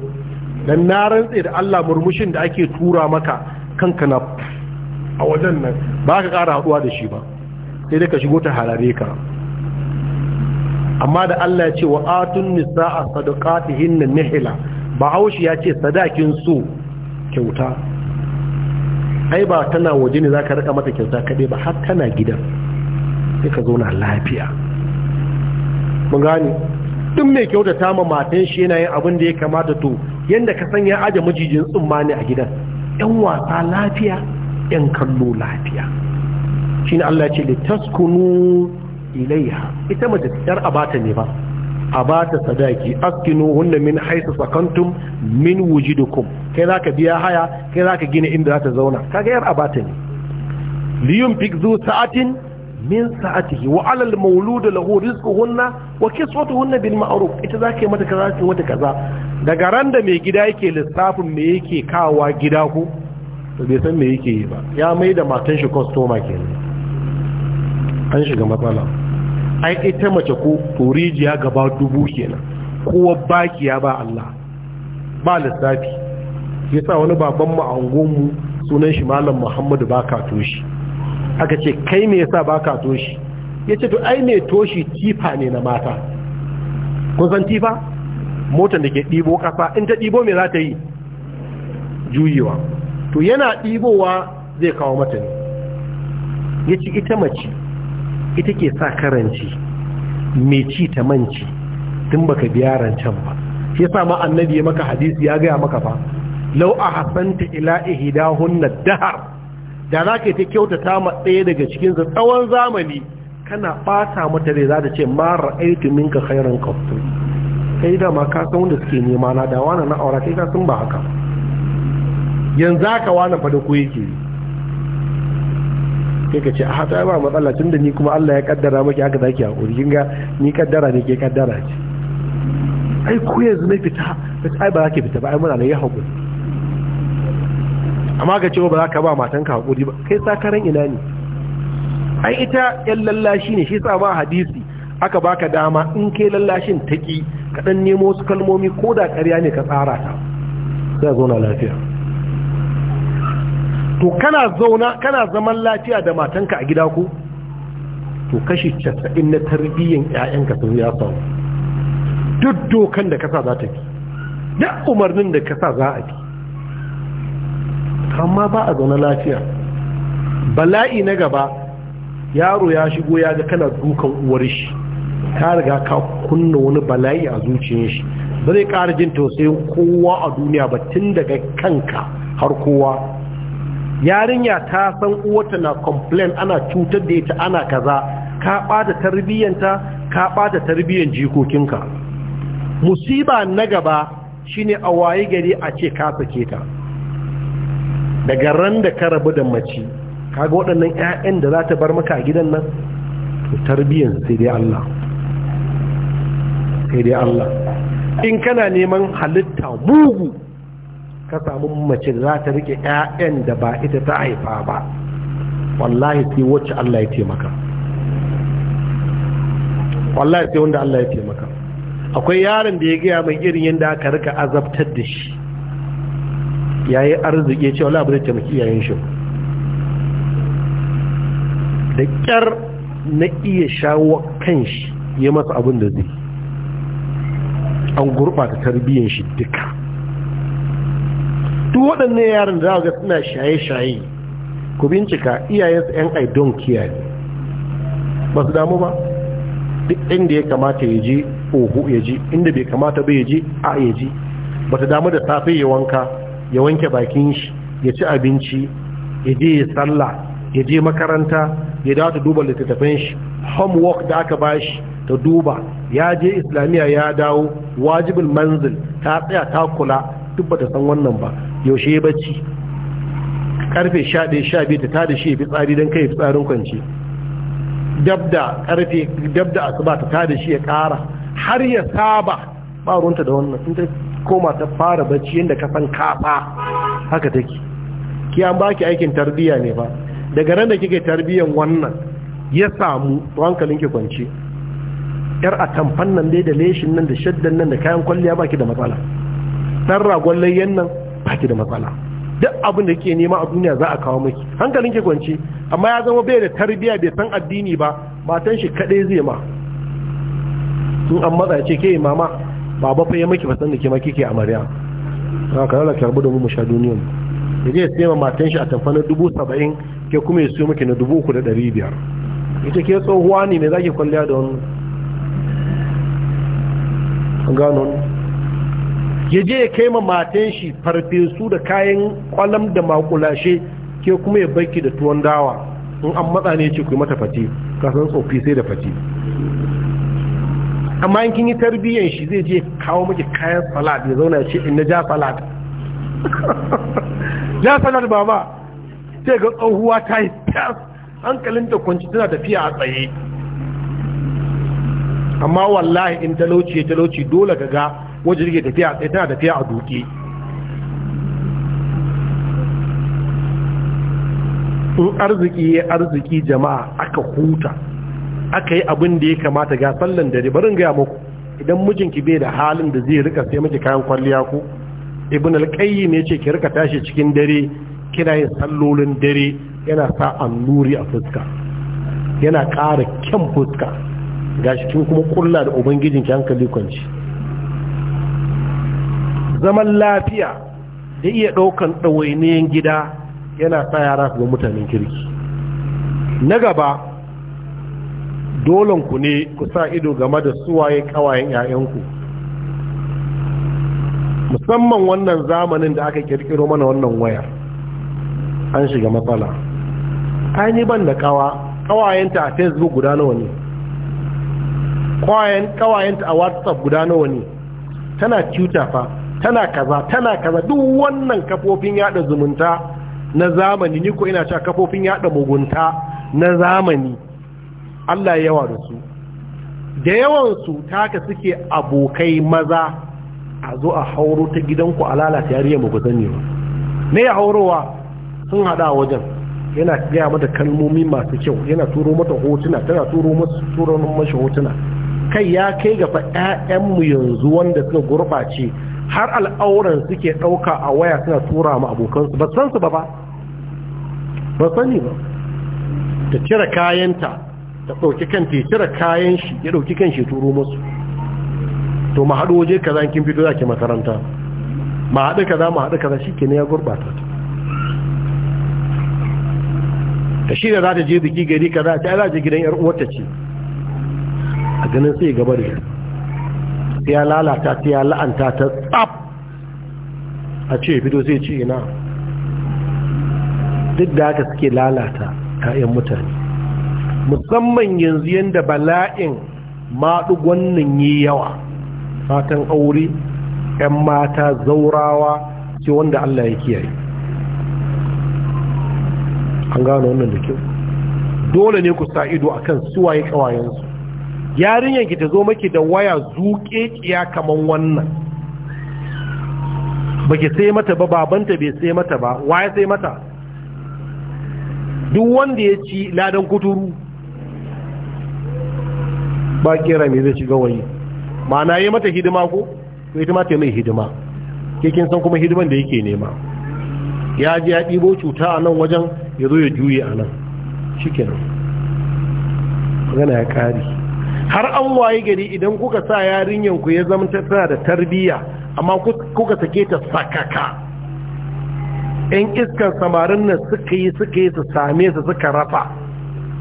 don na rantse da allah murmushin da ake tura maka kanka na a wajen nan ba ka ƙara haɗuwa da shi ba sai dai ka shigo ta harare ka amma da allah ya ce wa atun nisa a sadaqatihin nihila ba haushi ya ce sadakin so kyauta ai ba tana waje ne zaka ka rika mata kyauta kaɗai ba har tana gidan sai ka zauna lafiya mun gane duk mai kyautata ma matan shi yana yin abin da ya kamata to yadda ka san ya aje mijijin tsumma ne a gidan yan wasa lafiya yan kallo lafiya shine Allah ya ce litaskunu ilaiha ita mace yar abata ne ba a ba ta sadaki askinu hunna min haisu sakantum min wujidukum kai za ka biya haya kai za ka gina inda za ta zauna kaga a bata ne liyun fik zu sa'atin min sa'atihi wa alal maulud lahu rizquhunna wa kiswatuhunna bil ma'ruf ita za ka yi mata kaza ki mata kaza daga ran da mai gida yake lissafin me yake kawa gida ku to bai san me yake yi ba ya mai da matan shi customer kenan an shiga matsala ai ita mace ko turijiya gaba dubu kenan kowa bakiya ba Allah ba lissafi yasa wani baban mu a unguwanmu sunan shi Mallam Muhammadu baka toshi aka ce kai me yasa baka toshi yace to ai me toshi tifa ne na mata ko san tifa motar da ke ɗibo ƙasa in ta ɗibo me za ta yi juyewa to yana ɗibowa zai kawo mata ne ya ci ita mace ita ke sa karanci mai ci ta manci tun baka biya rancen ba shi sa ma annabi ya maka hadisi ya gaya maka ba lau a hasanta ila ihidahunna dahar da za ka ta kyautata ma ɗaya daga cikinsa tsawon zamani kana ɓata mata da za ta ce ma ra'aitu minka khairan qattu kai da ma ka wanda suke nema na da wani na aura kai ka sun ba haka yanzu haka wani fa da ku yake yi sai ka ce a hata ba matsala tun da ni kuma Allah ya kaddara maki haka zaki haƙuri kuri ga ni kaddara ne ke kaddara ce ai ko yanzu na fita ai ba za fita ba ai muna da ya hagu. amma ka ce ba za ka ba matanka hakuri ba kai sakaran ina ne ai ita yan lallashi ne shi sa ba hadisi aka baka dama in kai lallashin taki ka dan nemo su kalmomi ko da ƙarya ne ka tsara ta sai zo na lafiya to kana zauna kana zaman lafiya da matanka a gida ku to kashi casa'in na tarbiyyan ƴaƴanka sun ya samu duk dokan da kasa za ta bi duk umarnin da kasa za a fi amma ba a zauna lafiya bala'i na gaba yaro ya shigo ya ga kana dukan uwar shi ka riga ka kunna wani bala'i a zuciyar shi ba zai ƙara jin tausayin kowa a duniya ba tun daga kanka har kowa yarinya ta san uwarta na complain ana cutar da ita ana kaza ka ɓata tarbiyyanta ka ɓata tarbiyyan jikokinka musiba na gaba shine a waye gari a ce ka sake ta daga ran da ka rabu da mace kaga waɗannan ƴaƴan da za ta bar maka a gidan nan tarbiyyar sai dai Allah sai dai Allah in kana neman halitta mugu ka samu mace za ta rike ƴaƴan da ba ita ta haifa ba wallahi sai wacce Allah ya taimaka wallahi sai wanda Allah ya taimaka akwai yaron da ya gaya mai irin yadda aka rika azabtar da shi yi arziki ya ce wallahi ba zai taimaki iyayen shi da kyar na iya shawo kan shi ya masa abin da zai an gurɓata tarbiyyar shi duka duk waɗannan yaran da ga suna shaye-shaye ku bincika iyayensu 'yan aidon kiyaye ba su damu ba duk inda ya kamata ya ji ohu ya ji inda bai kamata ba ya ji a ya ji ba ta damu da safe ya wanka ya wanke bakin shi ya ci abinci ya je ya sallah ya je makaranta ya dawo ta duba littattafan shi homework da aka bashi ta duba ya je islamiyya ya dawo wajibin manzil ta tsaya ta kula duk bata san wannan ba yaushe ya bacci karfe 11:12 ta tada shi ya fi tsari don kai tsarin kwanci dab asuba ta tada shi ya kara har ya saba ba runta da wannan in ta koma ta fara bacci yadda ka san kafa haka take ki an baki aikin tarbiyya ne ba daga ran da kike tarbiyyan wannan ya samu hankalin ki kwance yar atamfan nan dai da leshin nan da shaddan nan da kayan kwalliya baki da matsala dan ragon layyan nan ba ki da matsala duk abin da ke nema a duniya za a kawo miki hankalin ki kwance amma ya zama bai da tarbiya bai san addini ba matan shi kadai zai ma in an matsa ce ke mama baba fa ya miki ba san da ke maki ke amarya za ka lalata karbu da mu musha sha duniya ya je sai matan shi a tamfa na dubu saba'in ke kuma ya siyo miki na dubu uku da biyar ita ke tsohuwa ne mai zaki kwalliya da wani gano ya je ya kai ma matan shi farfesu da kayan kwalam da makulashe ke kuma ya baki da tuwon dawa in an matsa ne ce ku mata fati kasan tsofi sai da fati amma in kin yi tarbiyyar shi zai je kawo miki kayan salat ya zauna ce in ja salat ja salat baba sai ga tsohuwa ta yi tas hankalinta kwanci tana tafiya a tsaye amma wallahi in talauci ya talauci dole ka ga wajen rike tafiya eh, tsaye tafiya a duke in arziki ya arziki jama'a aka huta aka yi abin da ya kamata ga sallan dare barin gaya muku idan mijinki bai da halin da zai rika sai miki kayan kwalliya ku ibn alƙayyi ne ce ki rika tashi cikin dare kina yin sallolin dare yana sa annuri a fuska yana ƙara kyan fuska gashi kin kuma kulla da ubangijinki hankali kwanci zaman lafiya da iya ɗaukan ɗawainiyan gida yana sa yara su mutanen kirki na gaba dolonku ne ku sa ido game da suwaye kawayen 'ya'yanku musamman wannan zamanin da aka kirkiro mana wannan wayar an shiga matsala an yi ban da kawa kawayenta a facebook guda nawa ne kawayenta a whatsapp guda nawa ne tana cuta fa tana kaza tana kaza duk wannan kafofin yada zumunta na zamani ni ko ina cewa kafofin yada mugunta na zamani Allah ya yawa da su da yawan su taka suke abokai maza a zo a hauro ta gidanku a lalata yariyar mu gudan sani ba me ya haurowa sun hada wajen yana gaya mata kalmomi masu kyau yana turo mata hotuna tana turo masu turo mashi hotuna kai ya kai ga fa ƴaƴanmu yanzu wanda suka gurɓace har al'auran suke ɗauka a waya suna tura ma abokansu ba san su ba ba ba sani ba ta cire kayanta ta ɗauki kanta ya cire kayan shi ya ɗauki kan shi turo musu to ma haɗu waje kaza kin fito za ki makaranta ma haɗu kaza ma haɗu kaza shi ne ya gurɓata ta ta shi da za ta je biki gari kaza ta za ta gidan 'yar uwarta ce a ganin sai gaba da shi ya lalata ta ya la'anta ta tsab a ce fito sai ce ina duk da haka suke lalata kayan mutane musamman yanzu yadda bala'in maɗugon nan yi yawa fatan aure ƴan mata zaurawa ce wanda Allah ya kiyaye an gano wannan da kyau dole ne ku sa ido a kan suwaye kawayensu yarinyar ki ta zo maki da waya zuke kiya kaman wannan baki sai mata ba babanta bai sai mata ba waya sai mata duk wanda ya ci ladan kuturu ba kera me zai shiga waye ma'ana yi mata hidima ko ko ita mata mai hidima ke kin san kuma hidiman da yake nema ya ji ya ɗibo cuta a nan wajen ya zo ya juye a nan shi kenan magana ya ƙari har an waye gari idan kuka sa yarinyar ku ya zama tana da tarbiyya amma kuka sake ta sakaka yan iskan samarin nan suka yi suka yi su same su suka rafa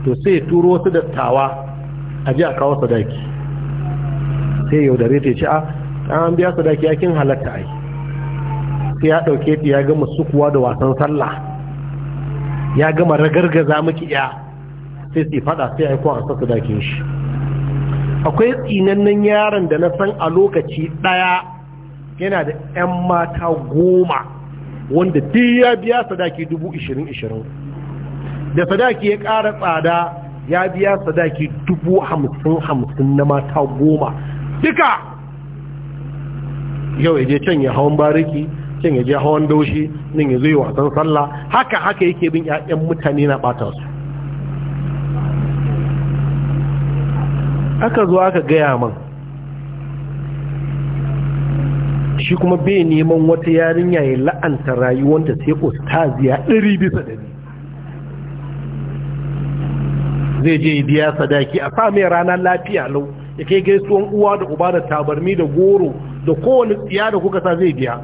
to sai turo su dattawa a ji a kawo sadaki sai yaudare ta ce a ah, an biya sadaki ya kin halatta ai sai ya ɗauke ta ya gama sukuwa da wasan sallah ya gama ragargaza miki ya sai su faɗa sai aiko a sassa dakin shi akwai tsinannen yaron da na san a lokaci ɗaya yana da 'yan mata goma wanda duk ya biya sadaki dubu ishirin ishirin da sadaki ya ƙara tsada ya biya sadaki dubu hamsin hamsin na mata goma duka yau ya je can ya hawan bariki can ya je hawan daushi nan ya zo yi wasan sallah haka haka yake bin 'ya'yan mutane na ɓata su aka zo aka gaya man shi kuma bai neman wata yarinya ya la'anta rayuwanta sai ostaziya ɗari zai je biya sadaki a sami rana lafiya lau ya kai gaisuwan uwa da uba da tabarmi da goro da kowane tsiya da kuka sa zai biya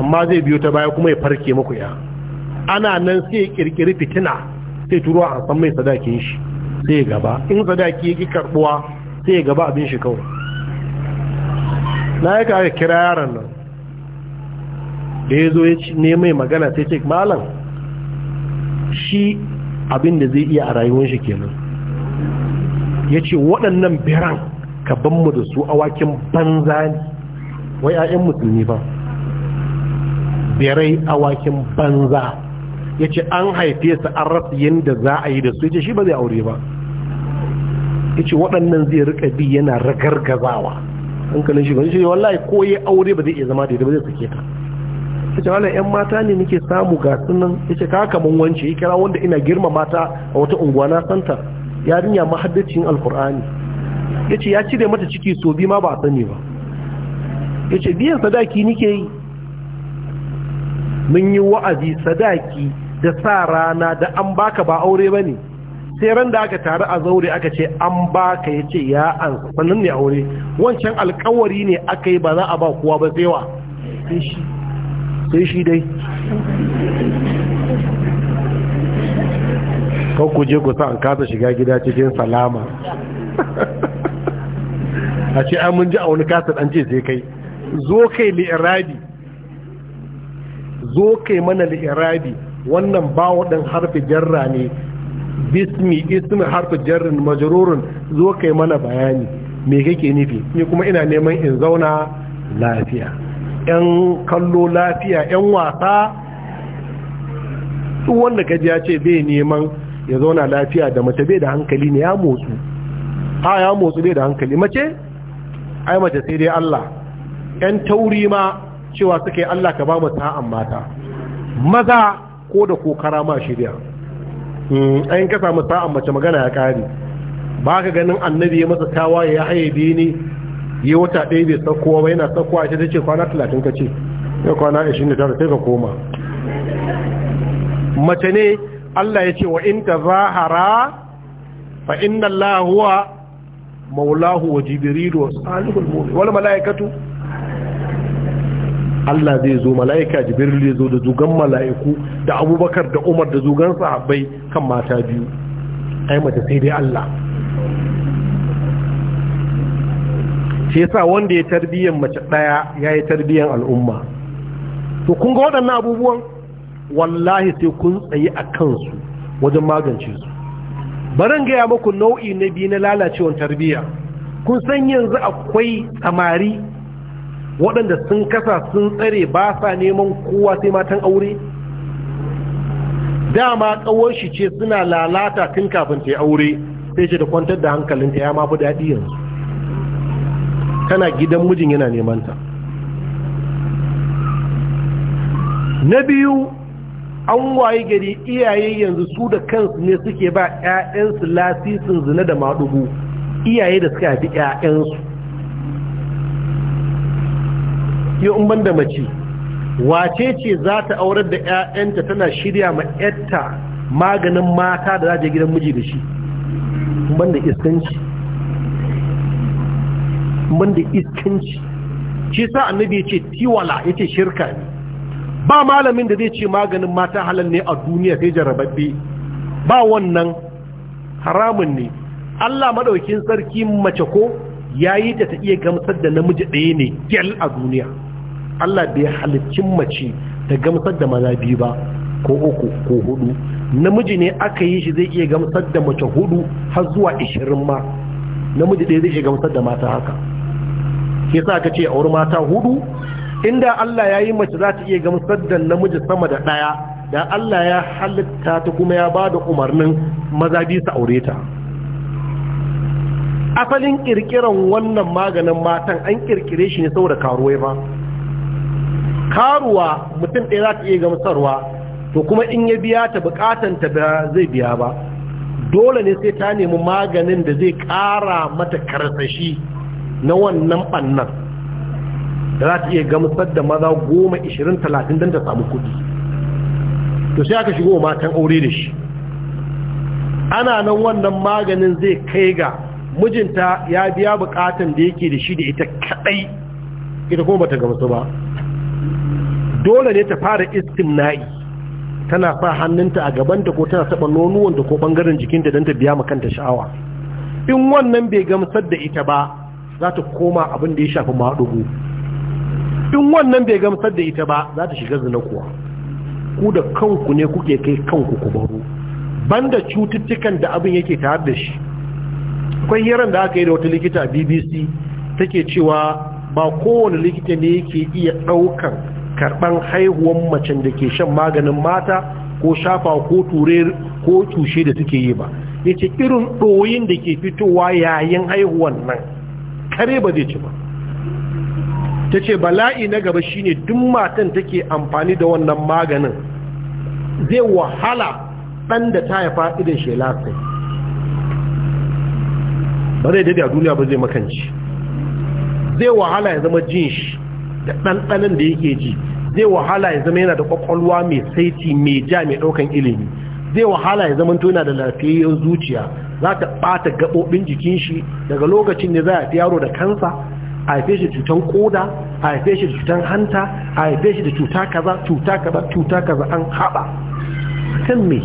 amma zai biyo ta baya kuma ya farke muku ya ana nan sai ya kirkiri fitina sai turo a san mai sadakin shi sai gaba in sadaki yake karbuwa sai gaba abin shi kawai na yaka aka kira yaron nan da ya zo ya ne mai magana sai ce malam shi abin da zai iya a rayuwar shi kenan ya ce waɗannan biran ka banmu da su awakin banza ne wai 'ya'yan musulmi ba birai awakin banza ya ce an haife su an rasu yadda za a yi da su ce shi ba zai aure ba ya ce waɗannan zai rika bi yana ragargazawa kalin shi gani shi wallahi ko ya aure ba zai iya zama daidai ba zai sake ta ya ce wala 'yan mata ne nake samu ga sunan ya ce ka kamar wance ya kira wanda ina girma mata a wata unguwa na santa yarinya mahaddacin alkur'ani ya ce ya cire mata ciki so bi ma ba a sani ba ya ce biyan sadaki nike yi mun yi wa'azi sadaki da sa rana da an baka ba aure ba ne sai ran da aka taru a zaure aka ce an baka ya ce ya an sannan ne aure wancan alkawari ne aka yi ba za a ba kowa ba tsewa sai shi dai kan ku je ku sa an kasa shiga gida cikin salama a ce an mun ji a wani kasa an ce sai kai zo kai li'irabi zo kai mana li'irabi wannan bawo ɗin harfi jarra ne bismi ismi harfi jarrin majarorin zo kai mana bayani me kake nufi ni kuma ina neman in zauna lafiya yan kallo lafiya yan wasa duk wanda kaji ya ce bai neman ya zauna lafiya da mace bai da hankali ne ya motsu ha ya motsu bai da hankali mace ai mace sai dai Allah yan tauri ma cewa suka Allah ka ba mu sa'an mata maza ko da kokara ma shirya hmm, ayin ka samu sa'an mace magana ya kare ba ka ganin annabi ya masa tawa ya haye biyu ne ya wata ɗaya bai saukowa ba yana saukowa shi ta ce kwana talatin ka ce ya kwana ashirin da tara sai ka koma mace ne Allah ya ce wa in ta zahara fa inna Allah huwa maulahu wa jibrilu wa salihul mu'min wal malaikatu Allah zai zo mala'ika jibril zai zo da zugan mala'iku da abubakar da umar da zugan sahabbai kan mata biyu ai mace sai dai Allah shi yasa wanda ya tarbiyyar mace daya yi tarbiyyar al'umma to kun ga waɗannan abubuwan wallahi sai kun tsayi a kansu wajen magance su barin gaya muku nau'i na biyu na lalacewar tarbiyya kun san yanzu akwai samari waɗanda sun kasa sun tsare ba sa neman kowa sai matan aure dama ƙawar shi ce suna lalata tun kafin ta aure sai ce da kwantar da hankalinta ya mafi daɗi yanzu tana gidan mijin yana neman ta na biyu an waye gari iyaye yanzu su da kansu ne suke ba 'ya'yansu lasisin zina da maɗugu iyaye da suka haifi 'ya'yansu ke in banda mace wace ce za ta aurar da 'ya'yanta tana shirya ma 'yarta maganin mata da za ta gidan miji da shi banda iskanci banda iskanci shi sa annabi ya ce tiwala ya ce shirka ne ba malamin da zai ce maganin mata halal ne a duniya sai jarababbe ba wannan haramun ne Allah madaukin sarki mace ko yayi da ta iya gamsar da namiji ɗaya ne gel a duniya Allah bai halittin mace ta gamsar da maza biyu ba ko uku ko hudu namiji ne aka yi shi zai iya gamsar da mace hudu har zuwa ishirin ma namiji ɗaya zai iya gamsar da mata haka shi sa aka ce a wuri mata hudu inda Allah ya yi mace za ta iya gamsar da namiji sama da ɗaya da Allah ya halitta ta kuma ya bada umarnin maza biyu su aure ta asalin kirkiran wannan maganin matan an kirkire shi ne saboda karuwai ba karuwa mutum ɗaya za ta iya gamsarwa to kuma in ya biya ta bukatan ta zai biya ba dole ne sai ta nemi maganin da zai ƙara mata karsashi na wannan ɓannan da za ta iya gamsar da maza goma ishirin talatin don ta samu kudi to sai aka shigo matan aure da shi ana nan wannan maganin zai kai ga mijinta ya biya bukatan da yake da shi da ita kaɗai ita kuma bata gamsu ba dole ne ta fara istimna'i tana sa hannunta a gabanta ko tana nonuwan nonuwanta ko bangaren jikinta don ta biya ma kanta sha'awa in wannan bai gamsar da ita ba za ta koma abin da ya shafi maɗugu in wannan bai gamsar da ita ba za ta shiga zina kuwa ku da kanku ne kuke kai kanku ku baro banda cututtukan da abin yake tare da shi akwai hirar da aka yi da wata likita a bbc take cewa ba kowane likita ne yake iya ɗaukar karɓan haihuwan macen da ke shan maganin mata ko shafa ko ture ko tushe da suke yi ba ya ce irin ɗoyin da ke fitowa yayin haihuwan nan kare ba zai ci ba ta ce bala'i na gaba shine duk matan take amfani da wannan maganin zai wahala ɗan da ta haifa idan shela ba zai daidai a duniya ba zai makanci zai wahala ya zama jin shi da ɗanɗanin da yake ji zai wahala ya zama yana da ƙwaƙwalwa mai saiti mai ja mai ɗaukan ilimi zai wahala ya zama yana da lafiyayyar zuciya za ta ɓata gaɓoɓin jikin shi daga lokacin da za a yaro da kansa a haife shi cutan koda a haife shi cutan hanta a haife shi da cuta kaza cuta kaza cuta kaza an haɓa kan me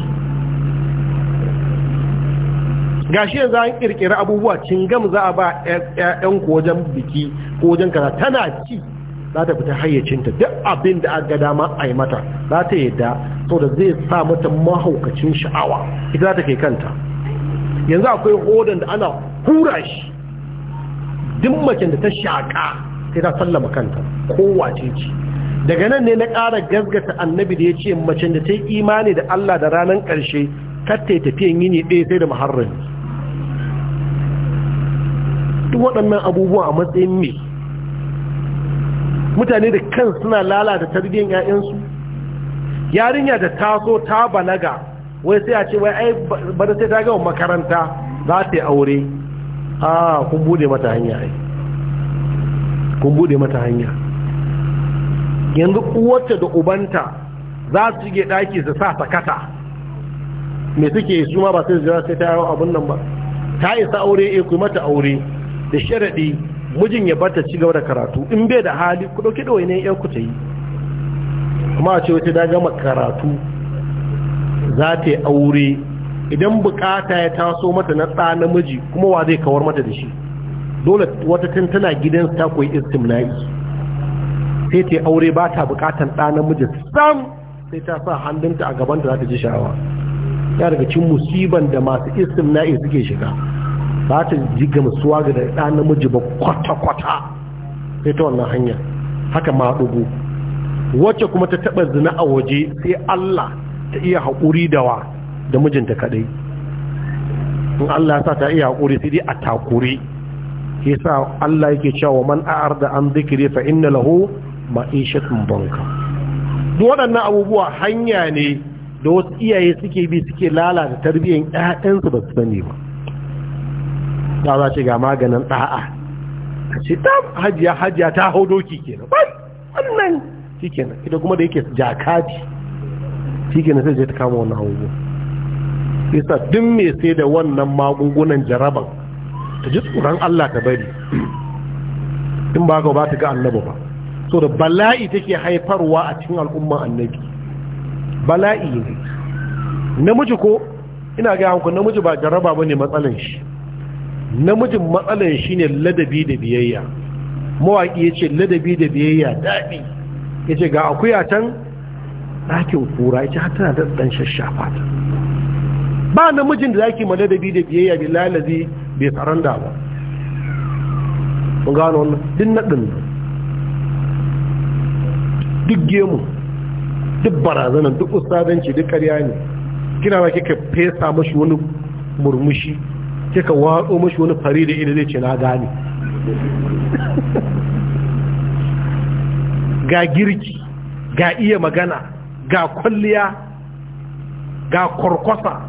gashi yanzu an kirkiri abubuwa cingam za a ba yayanku wajen biki ko wajen kaza tana ci za ta fita hayyacinta duk abin da aka dama a yi mata za ta yadda sau da zai sa mata mahaukacin sha'awa ita za ta ke kanta yanzu akwai hodon da ana hura shi duk macen da ta shaƙa sai ta sallama kanta kowace ce daga nan ne na ƙara gasgata annabi da ya ce macen da ta yi imani da Allah da ranar ƙarshe kattai tafiyan yini ɗaya sai da maharrin duk waɗannan abubuwa a matsayin mai mutane da kan suna lalata tarbiyyar 'ya'yansu yarinya da taso ta balaga wai sai a ce wai ai bada sai ta gawa makaranta za ta yi aure a kun bude mata hanya ai kun bude mata hanya yanzu uwarta da ubanta za su shige daki su sa sakata me suke su ma ba sai jira sai ta yawo abun nan ba ta isa aure ya eh, kuma mata aure da sharaɗi mijin ya barta ci gaba da karatu in bai da hali ku dauki dawai ne yan ta yi kuma a ce wata da gama karatu za ta yi aure idan bukata ya taso mata na tsa namiji kuma wa zai kawar mata da shi dole wata tana gidan ta koyi istimla'i sai ta aure ba ta bukatan tsa namiji sam sai ta sa hannunta a gaban da za ta ji sha'awa ya daga cin musiban da masu istimla'i suke shiga ba ta ji masuwa ga ɗa namiji ba kwata-kwata ta wannan hanya haka ma ɗugu wacce kuma ta taba zina a waje sai Allah ta iya haƙuri da wa da mijinta kaɗai in Allah sa ta iya haƙuri sai dai a takure sa Allah yake cewa man da an zikiri fa inna lahu ma'ishatun banka duk waɗannan abubuwa hanya ne da wasu iyaye suke bi suke lalata tarbiyyar ƴaƴansu ba su sani ba ta za ce ga maganin ɗa'a ce ta hajiya hajiya ta hau doki kenan wannan shi kenan ita kuma da yake jakati shi kenan sai je ta kama wannan hango isa duk mai sai da wannan magungunan jaraban ta ji tsoron Allah ta bari in ba ga ba ta ga annabi ba so da bala'i take haifarwa a cikin al'umman annabi bala'i ne namiji ko ina ga hanku namiji ba jaraba ba ne matsalan shi namijin matsalar shi ne ladabi da biyayya mawaƙi ya ce ladabi da biyayya daɗi ya ce ga akuya can ɗakin kura ya ce har tana da ɗan shashafa ta ba namijin da zaki ma ladabi da biyayya bi lalazi bai tsaron da ba gano wannan duk naɗin duk gemu duk barazanan duk ustadanci duk ƙarya ne kina ba kika fesa mashi wani murmushi kika watsu mashi wani fari da ido zai ce na gane ga girki ga iya magana ga kwalliya ga kwarkwasa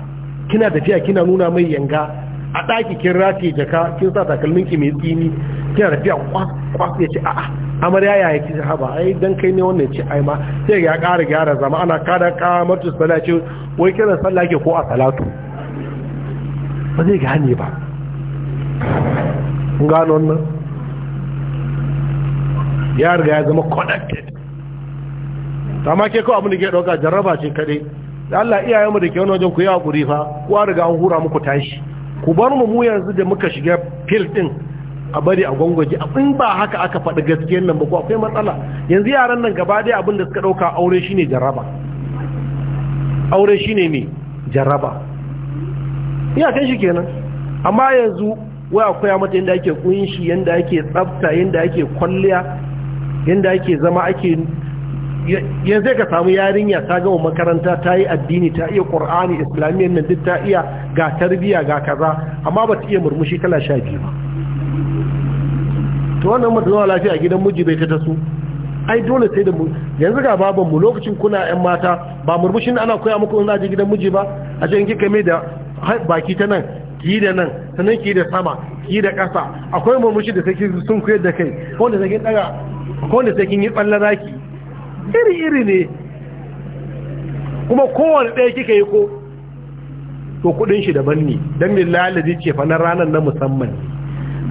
kina tafiya kina nuna mai yanga a ɗaki kin rati jaka kin sa takalmin ki mai tsini kina tafiya kwas ya ce a'a amarya ya shi haba ai dan kai ne wannan ce ai ma sai ya ƙara gyara zama ana kada kamar tusala ce wai kira sallah ke ko a salatu ba zai ga hani ba gano wannan ya riga ya zama connected ta ma ke kawo abin da ke ɗauka jaraba ce kaɗai da Allah iyayenmu da ke wani wajen ku yi haƙuri fa kuwa riga an hura muku tashi ku bar mu mu yanzu da muka shiga fil ɗin a bari a gwangwaje in ba haka aka faɗi gaskiyan nan ba ko akwai matsala yanzu yaran nan gaba dai abin da suka ɗauka aure shine jaraba. aure shine ne jarraba iyakan shi kenan amma yanzu wai akwai mata yadda ake kunshi yadda ake tsafta yadda ake kwalliya yadda ake zama ake yanzu ka samu yarinya ta gama makaranta ta yi addini ta iya ƙur'ani islamiyyar nan duk ta iya ga tarbiyya ga kaza amma ba ta iya murmushi kala sha biyu ba to wannan mata zama lafiya gidan miji bai ta taso ai dole sai da mu yanzu ga babanmu lokacin kuna yan mata ba murmushin ana koya muku in zaje gidan miji ba a ce in kika mai da baki ta nan ki da nan sannan ki da sama ki da ƙasa akwai murmushi da sai sun koyar da kai wanda sai kin daga wanda yi tsallar raki iri iri ne kuma kowane ɗaya kika yi ko to kudin shi daban ne dan billahi zai ce fa na ranar na musamman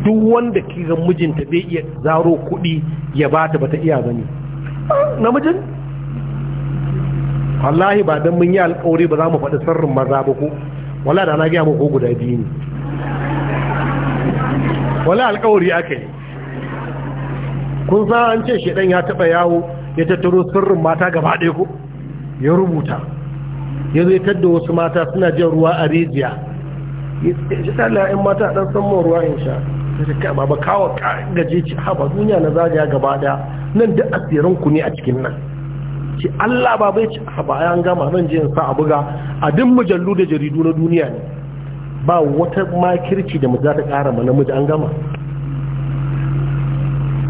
duk wanda kiga mijinta zai iya zaro kudi ya bata bata iya bane ah, namijin wallahi ba dan mun yi alƙawari ba za mu faɗi sirrin maza ba ko wala da na gaya ko guda biyu ne wala alkawari aka yi kun sa an ce shedan ya taba yawo ya tattaro sirrin mata gaba ɗaya ko ya rubuta ya zai tadda wasu mata suna jan ruwa a rijiya ya tsalla yan mata dan samun ruwa in sha ta ce ba ba kawo gaje ci haba duniya na zagaya gaba ɗaya nan duk asirin ku ne a cikin nan ce Allah ba bai ci ah, ba an gama nan jiyan sa a buga a duk mujallu da jaridu na duniya ne ba wata makirci da za ta ƙara ma namiji an gama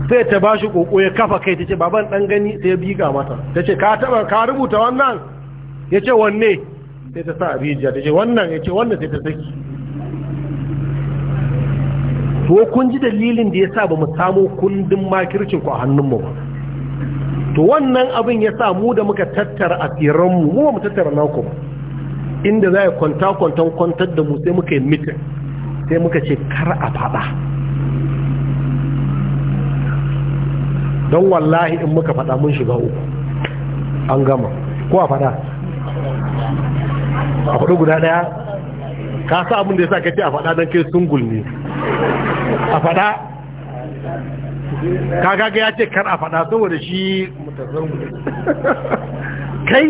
sai ta ba shi koko ya kafa kai ta ce baban ɗan gani sai ya biga mata ta ce ka taɓa ka rubuta wannan ya ce wanne sai ta sa a rijiya ta ce wannan ya ce wannan sai ta saki to kun ji dalilin da ya sa ba mu samo kundin makircin ku a hannunmu ba to wannan abin ya sa mu da muka tattara a firanmu mu mu tattara naku ba inda za a kwanta kwantan kwantar da mu sai muka yi mitin sai muka ce kar a faɗa don wallahi in muka faɗa mun shiga uku an gama ko a faɗa a faɗi guda ɗaya ka sa abin da ya sa ka ce a faɗa don kai sungul ne a faɗa kaga ga ya ce kar a faɗa saboda shi kai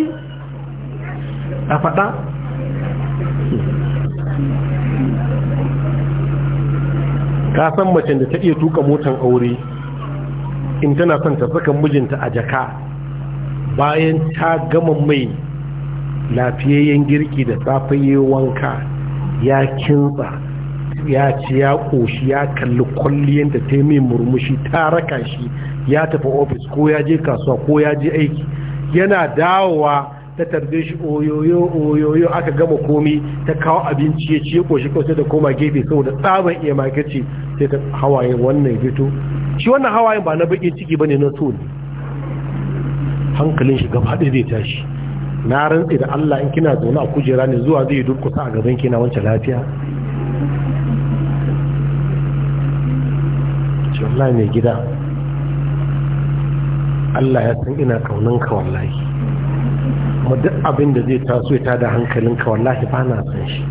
a fada ka san macen da ta iya tuka motan aure in tana son ta saka mijinta a jaka bayan ta gama mai lafiyayyen girki da safayewanka wanka ya kinsa ya ci ya ƙoshi ya kalli kwalliyar da ta mai murmushi ta raka shi ya tafi ofis ko ya je kasuwa ko ya je aiki yana dawowa ta tarbe shi oyoyo oyoyo aka gama komi ta kawo abinci ya ci ya ƙoshi kawai sai da koma gefe saboda tsaban iya makarci sai ta hawaye wannan fito shi wannan hawayen ba na bakin ciki ba ne na so hankalin shi gaba ɗaya zai tashi na rantsi da Allah in kina zaune a kujera ne zuwa zai dukkusa a gaban kina wancan lafiya shi wallahi mai gida Allah ya san ina kaunanka wallahi kuma duk abin da zai taso ya tada hankalinka wallahi ba na san shi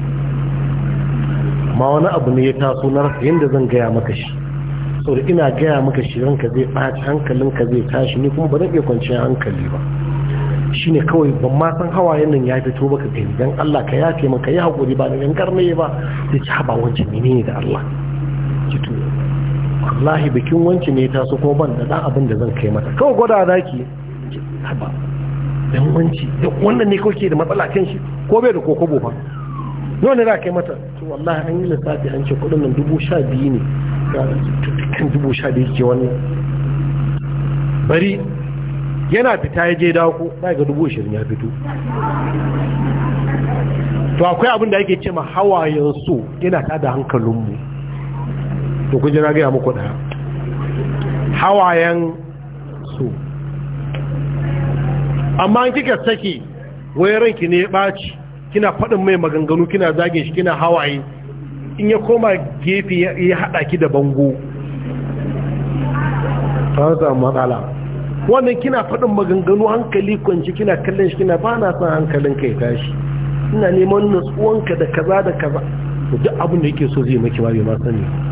amma wani abu ne ya taso na rasa yadda zan gaya maka shi sau da ina gaya maka shi ranka zai ɓaci hankalinka zai tashi ne kuma ba zan iya kwanciyar hankali ba shi shine kawai ban ma san hawayen nan ya fito baka gani don Allah ka yafe maka ya hakuri ba da yankar ne ba sai ci haba wancan menene da Allah wallahi bikin wanci ne ta su koban ban da dan abin da zan kai mata kawai gwada ki haba dan wanci wannan ne kawai ke da matsala kan shi ko bai da koko ba nawa ne za kai mata to wallahi an yi lissafi an ce kudin nan dubu sha biyu ne kan dubu sha biyu ke wani bari yana fita ya je dako ba ga dubu ashirin ya fito to akwai abin da ake ce ma hawayen su yana tada hankalinmu to kun ji na gaya muku ɗaya hawayen su amma an kika saki wai ranki ne baci ɓaci kina faɗin mai maganganu kina zage shi kina hawaye in ya koma gefe ya hada ki da bango ta samu matsala wannan kina faɗin maganganu hankali kwanci kina kallon shi kina bana na son hankalin kai tashi ina neman nutsuwanka da kaza da kaza duk abin da yake so zai maki ma bai ma sani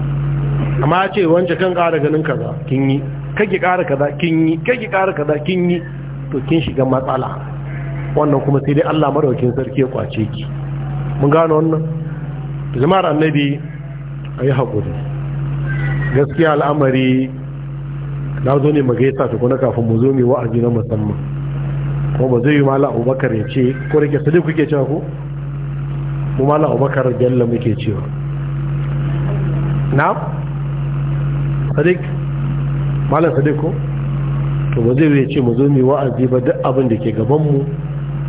amma ce wance kan kara ganin kaza kin yi kake kara kaza kin yi kake kara kaza kin yi to kin shiga matsala wannan kuma sai dai Allah madaukin sarki ya kwace ki mun gano wannan jama'ar annabi ayi hakuri gaskiya al'amari na zo ne magaisa tukuna kafin mu zo mai wa'azi na musamman kuma ba zai yi mala abubakar ya ce ko da ke ku kuke cewa ko mu mala abubakar bello muke cewa na sadiq malam sadiq ko to ba zai yi ce mu zo mu yi wa'azi ba duk abin da ke gaban mu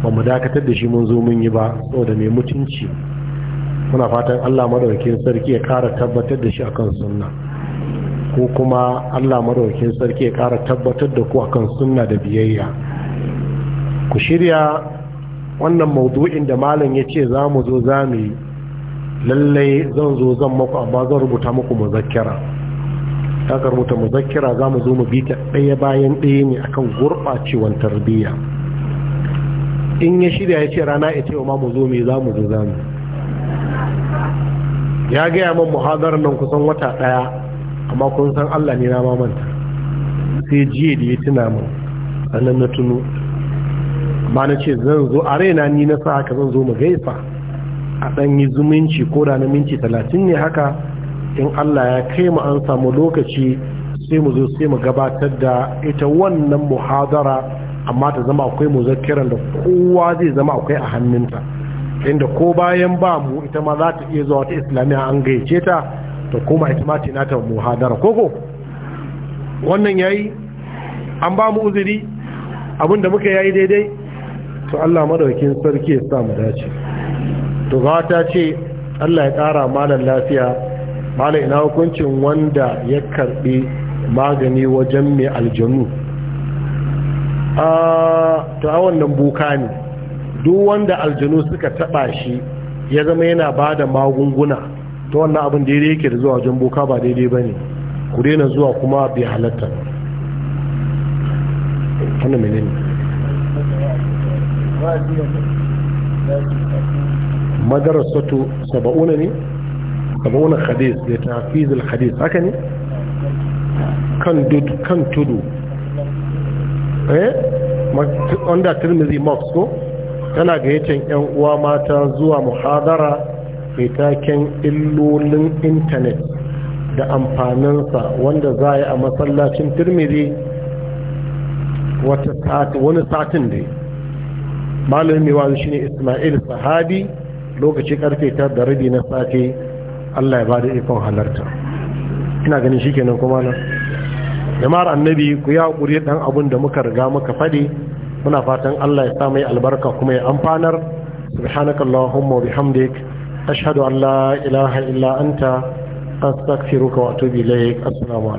ba mu dakatar da shi mun zo mun yi ba saboda mai mutunci muna fatan Allah madaukakin sarki ya kara tabbatar da shi akan sunna ko kuma Allah madaukakin sarki ya kara tabbatar da ku akan sunna da biyayya ku shirya wannan maudu'in da malam ya ce za mu zo za mu yi lallai zan zo zan maku amma zan rubuta muku muzakkara ta mutum zakira za mu zo mu bi ta ɗaya bayan ɗaya ne akan gurɓacewar tarbiyya in ya shirya ya ce rana ya ce wa ma mu zo mai za mu zo za mu ya gaya man muhadar nan kusan wata ɗaya amma kun san allah ne na mamanta sai jiya da ya tuna min sannan na tuno ba na ce zan zo a raina ni na sa haka zan zo mu gaisa a ɗan zumunci ko da na minti talatin ne haka in Allah ya kai mu an samu lokaci sai mu zo sai mu gabatar da ita wannan muhadara amma ta zama akwai muzakkiran da kowa zai zama akwai a hannunta inda ko bayan ba mu ita ma za ta iya zuwa ta islamiyya an gaice ta ta kuma ita ma tana ta muhadara koko wannan yayi an ba mu uzuri abinda muka yayi daidai to Allah madaukin sarki ya sa mu dace to za ta ce Allah ya kara malan lafiya mala ina hukuncin wanda ya karbi magani wajen mai aljanu a ta wannan buka ne duk wanda aljanu suka taba shi ya zama yana ba da magunguna ta wannan abin daidai yake da zuwa wajen buka ba daidai ba ne ku daina zuwa kuma bai halatta hannu menene saba'una ne kabona hadis da tafizul hadis haka ne kan dud kan tudu eh wanda tirmizi mox ko tana gayyatar yan uwa mata zuwa muhadara mai taken illolin intanet da amfaninsa wanda za a yi a masallacin tirmizi wani satin da malamin mai shi shine ismail sahabi lokaci karfe ta da rabi na safe Allah ya bada ikon halarta ina ganin shikenan kuma nan jama'ar annabi ku ya hakuri dan abun da muka riga muka fadi muna fatan Allah ya sa mai albarka kuma ya amfanar subhanakallahumma wa bihamdik ashhadu an la ilaha illa anta astaghfiruka wa atubu ilaik assalamu